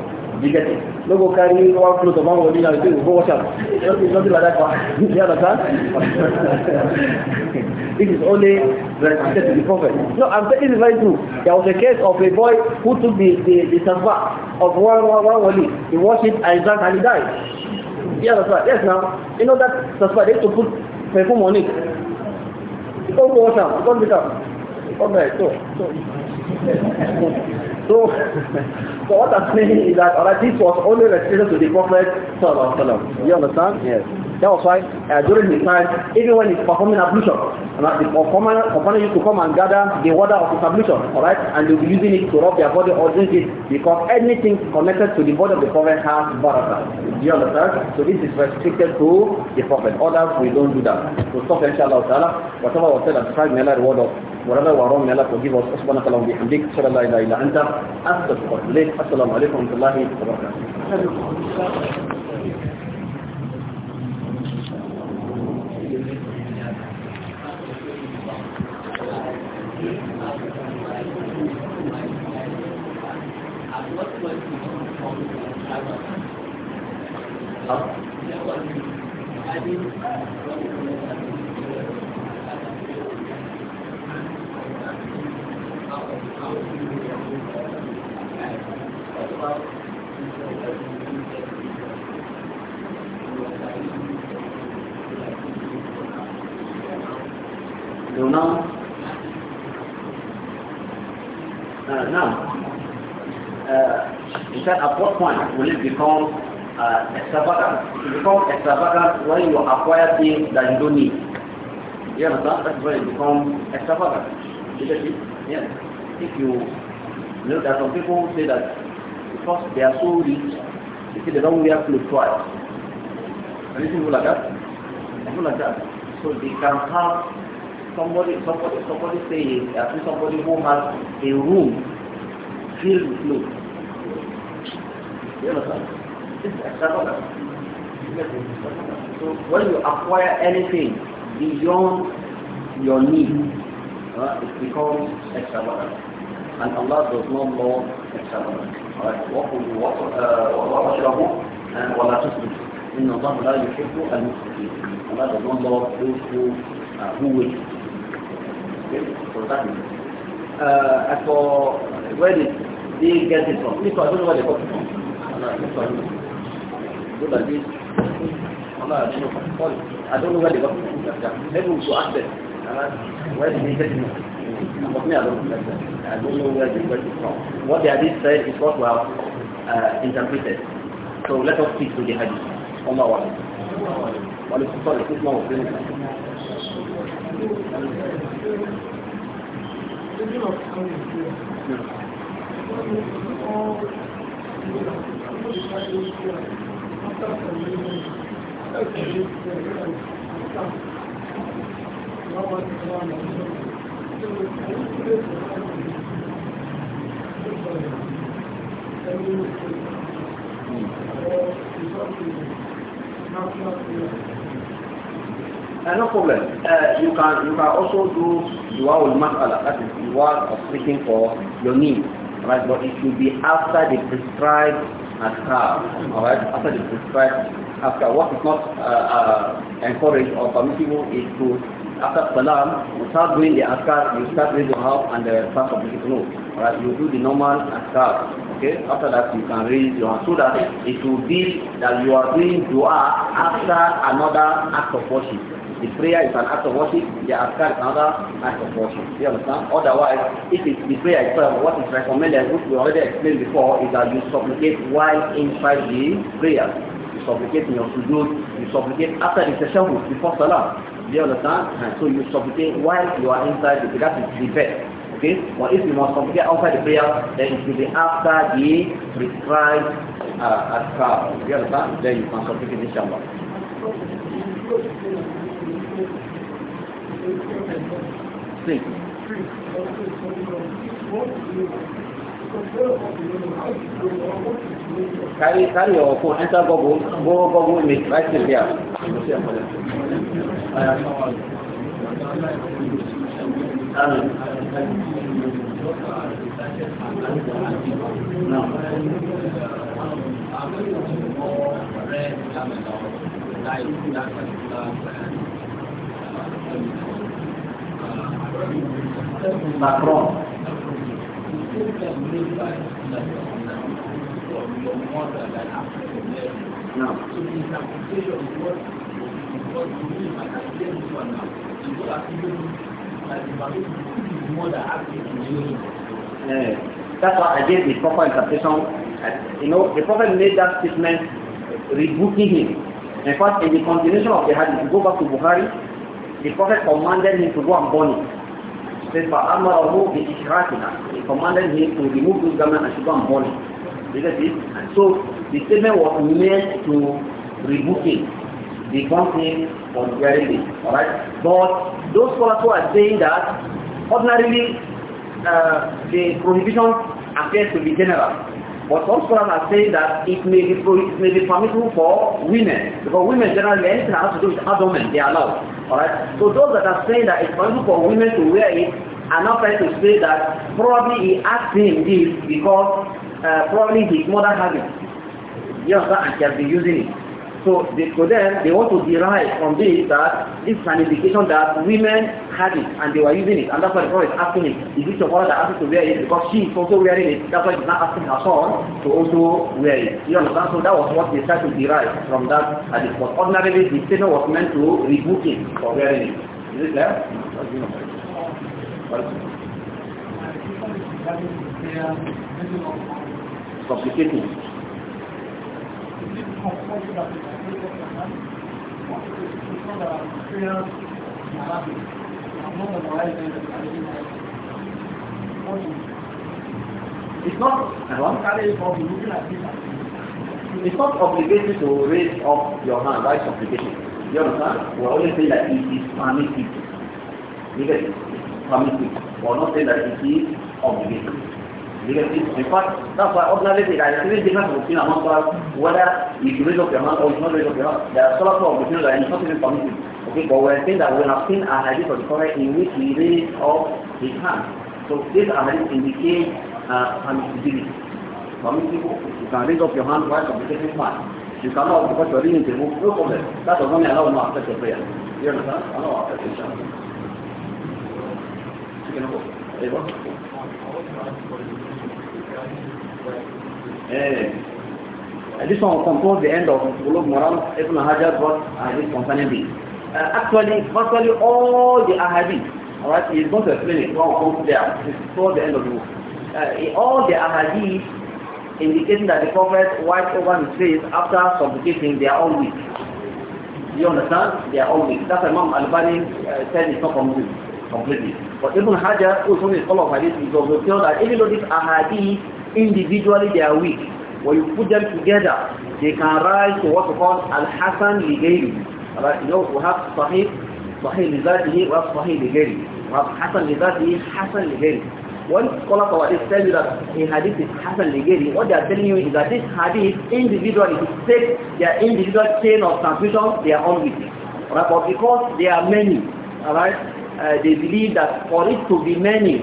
You get it? No go carry one clothes of one body and say, go wash up. Nothing like that. [LAUGHS] You understand? [LAUGHS] this is only related to the prophet. No, I'm saying this right very There was a case of a boy who took the, the, the of one, one, one wali. He washed it and he died. Yeah, that's right. Yes, now. You know that that's why they have to put perfume on it. don't go down. It don't become. Alright, so, so. So, [LAUGHS] so what I'm saying is that all right. this was only restricted to the Prophet Sallallahu Alaihi Wasallam. You understand? Yes. That was why uh, during his time, even when he's performing ablution, right, uh, the performer, performer used to come and gather the water of his ablution, alright, and they'll be using it to rub their body or drink it because anything connected to the body of the prophet has barakah. Do you understand? So this is restricted to the prophet. Others, we don't do that. So stop inshallah ta'ala. Whatever was said and described, may Allah reward us. Whatever was wrong, may Allah forgive us. Subhanaka wa bihamdik. Sallallahu ila ila anta. Astaghfirullah. Assalamu alaikum wa rahmatullahi wa barakatuh. become uh, extravagant. It becomes extravagant when you acquire things that you don't need. You understand? That's when you become extravagant. Because it, yeah. If you, you know, there are some people who say that because they are so rich, they say they don't wear clothes twice. Anything like that? Anything like that. So they can have somebody, somebody, somebody saying, I somebody who has a room filled with clothes. You So when you acquire anything beyond your need, uh, it becomes extravagant. And Allah does not love extravagant. Alright, وَأَشْرَهُ وَلَا تُسْرِفُ إِنَّ اللَّهَ لَا يُحِبُّ And Allah Allah does not love those who, uh, who will. Okay? So that is uh, as for where did they get it from? because I don't know where they got it from. I don't know where they got it. Maybe we should ask them. Where did they get it from? Me, I don't know. I don't know where they got it from. What they hadith said is what was uh, interpreted. So let us speak to the hadith. Allah wa alaikum. one was really Thank you. Uh, no problem. Uh, you can you can also do dua ul mas'ala, that is dua of speaking for your need, right? But it should be after the prescribed ashab, alright, after the prescribed, after what is not uh, uh, encouraged or permissible is to, after salam, you start doing the ashab, you start raising your house and the start of the no, alright, you do the normal ashab, okay, after that you can raise your hand so that it will be that you are doing dua after another act of worship. The prayer is an act of worship, the askar is another act of worship. You understand? Otherwise, if it's the prayer itself, what is recommended, which we already explained before, is that you supplicate while inside the prayer. You supplicate in your sujood, you supplicate after the tashahud, before salah. Do you understand? And So you supplicate while you are inside the prayer. That is the best. Okay? But if you must supplicate outside the prayer, then it will be after the prescribed uh, askar. Do you understand? Then you can supplicate inshallah. Sí. Kari kari o ko enta go go go go go ni vai se dia. Amen. No. Like that particular Macron. Eh, that's why I gave the proper interpretation. You know, the prophet made that statement rebuking him. In fact, in the continuation of the hadith, go back to Bukhari, the Prophet commanded him to go and burn it. He said, فَأَمَرَهُ بِإِشْرَاتِهَا He commanded him to remove this garment and to go and burn it. Because it, so the statement was meant to rebuke him, the burning on wearing it. Alright? But those scholars who are saying that ordinarily uh, the prohibition appears to be general. But some scholars are saying that it may be it may be permissible for women because women generally anything that has to do with abdomen they are allowed. All right. So those that are saying that it's permissible for women to wear it are not trying to say that probably he asked him this because uh, probably his mother had it. Yes, and she has been using it. So, they, them, they want to derive from this that this is an indication that women had it and they were using it. And that's why the Prophet is asking him, is this your mother that asked to wear it? Because she is also wearing it. That's why he's not asking her son to also wear it. You understand? So that was what they tried to derive from that hadith. But ordinarily the statement was meant to rebuke him for wearing it. Is it clear? Complicated. It's not, it's not obligatory to raise up your hand, right? Obligation. You understand? We only say that it is permitted. Because it's permitted. We are not saying that it is obligatory. because it's different. That's why ordinarily the identity is different between among scholars, whether it's read of your mouth or it's not read of your mouth. There are scholars who are between that it's not even permitted. Okay, but we're saying that we have seen a hadith of the Prophet in which he reads off his hand. So this hadith indicates uh, permissibility. Permissible, you can raise up your hand while communicating with man. You cannot because you're reading the book, no problem. That does not mean Allah will not accept your prayer. You understand? Allah will accept your prayer. Chicken Uh, eh, this one compose the end of Ulub Muram Ibn Hajar what hadith concerning this. Uh, actually, virtually all the ahadith, alright, is going to explain it when comes there, before the end of the book. Uh, all the ahadith indicating that the Prophet wiped over his face after supplicating their own weak. You understand? They are all weak. That's Imam Al-Bani uh, said it's not complete, completely. But Ibn Hajar, also a scholar of hadith, because also feel that even though this ahadith individually they are weak. When you put them together, they can rise to what we call Al-Hasan Ligayri. Alright, you know, we have Sahih, Sahih Lizatihi, we have Sahih Ligayri. We have Hasan Lizatihi, Hasan Ligayri. One scholar of this tells you that a hadith is Hassan Ligeri. What they are telling you is that this hadith individually is take their individual chain of transmission, they are all weak Right? But because they are many, alright, uh, they believe that for it to be many,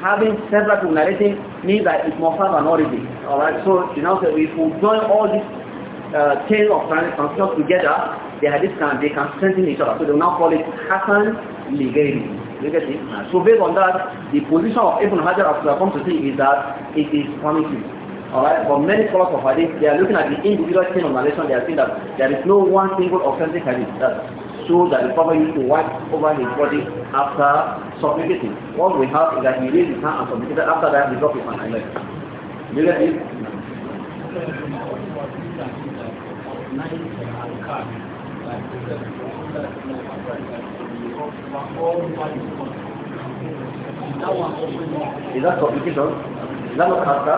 having several people means that it must have an origin. Alright, so you know, so if we join all these uh, tales of functions together, they have this of they can strengthen each other. So they will now call it Hassan Ligeri. Look So based on that, the position of Ibn Hajar as we have come to see is that it is promising. Alright, but many scholars of hadith, they are looking at the individual chain of narration, they are saying that there is no one single authentic hadith. That's so that the Prophet used to wipe over his body after supplicating. What we have is that he raised his hand and after that he dropped it on and left. Is you that supplication? Is that not hasta?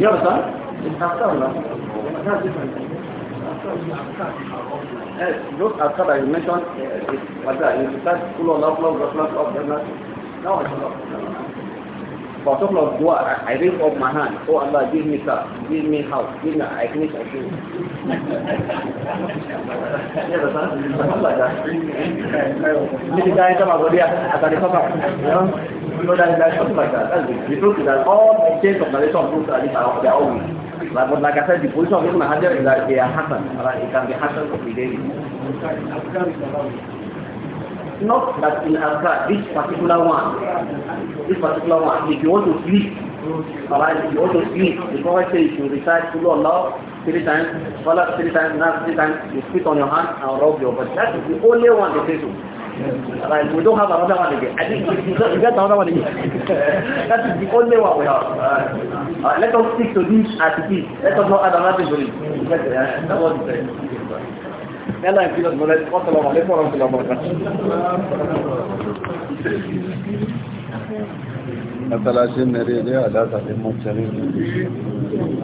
You understand? It's hasta or not? That's different. Uh, just after I mentioned like uh, that, you uh, start full of love, love, love, love, love, No, it's not. For some of dua, I, raise up my hand. Oh Allah, give me stuff, give me house, give me, I finish, I finish. yeah, that's not like that. This is the item of Korea, I can recover. You know? that, that's something like that. That's the, truth is that all the chains of narration are, are, they are all Like, but saya di said, the position of Ibn Hajar is that they are Hassan, right? It can be Not that in Azkar, this particular one, this particular one, if you want to sleep, alright, if you want to sleep, the Prophet says you recite Sulu Allah three times, Salah three times, Nas three times, you spit on your hand and rub your body. That is the only one they say to. Like, we don't have another one again. I think we got, we got another one again. [LAUGHS] that is the only one we have. Uh, uh, let us stick to this as it is. Let us not add another thing to it. That was it. يلا يمكن المولد والسلام عليكم ورحمة الله وبركاته مثلا شيء مريض يا لا تعلم مجرد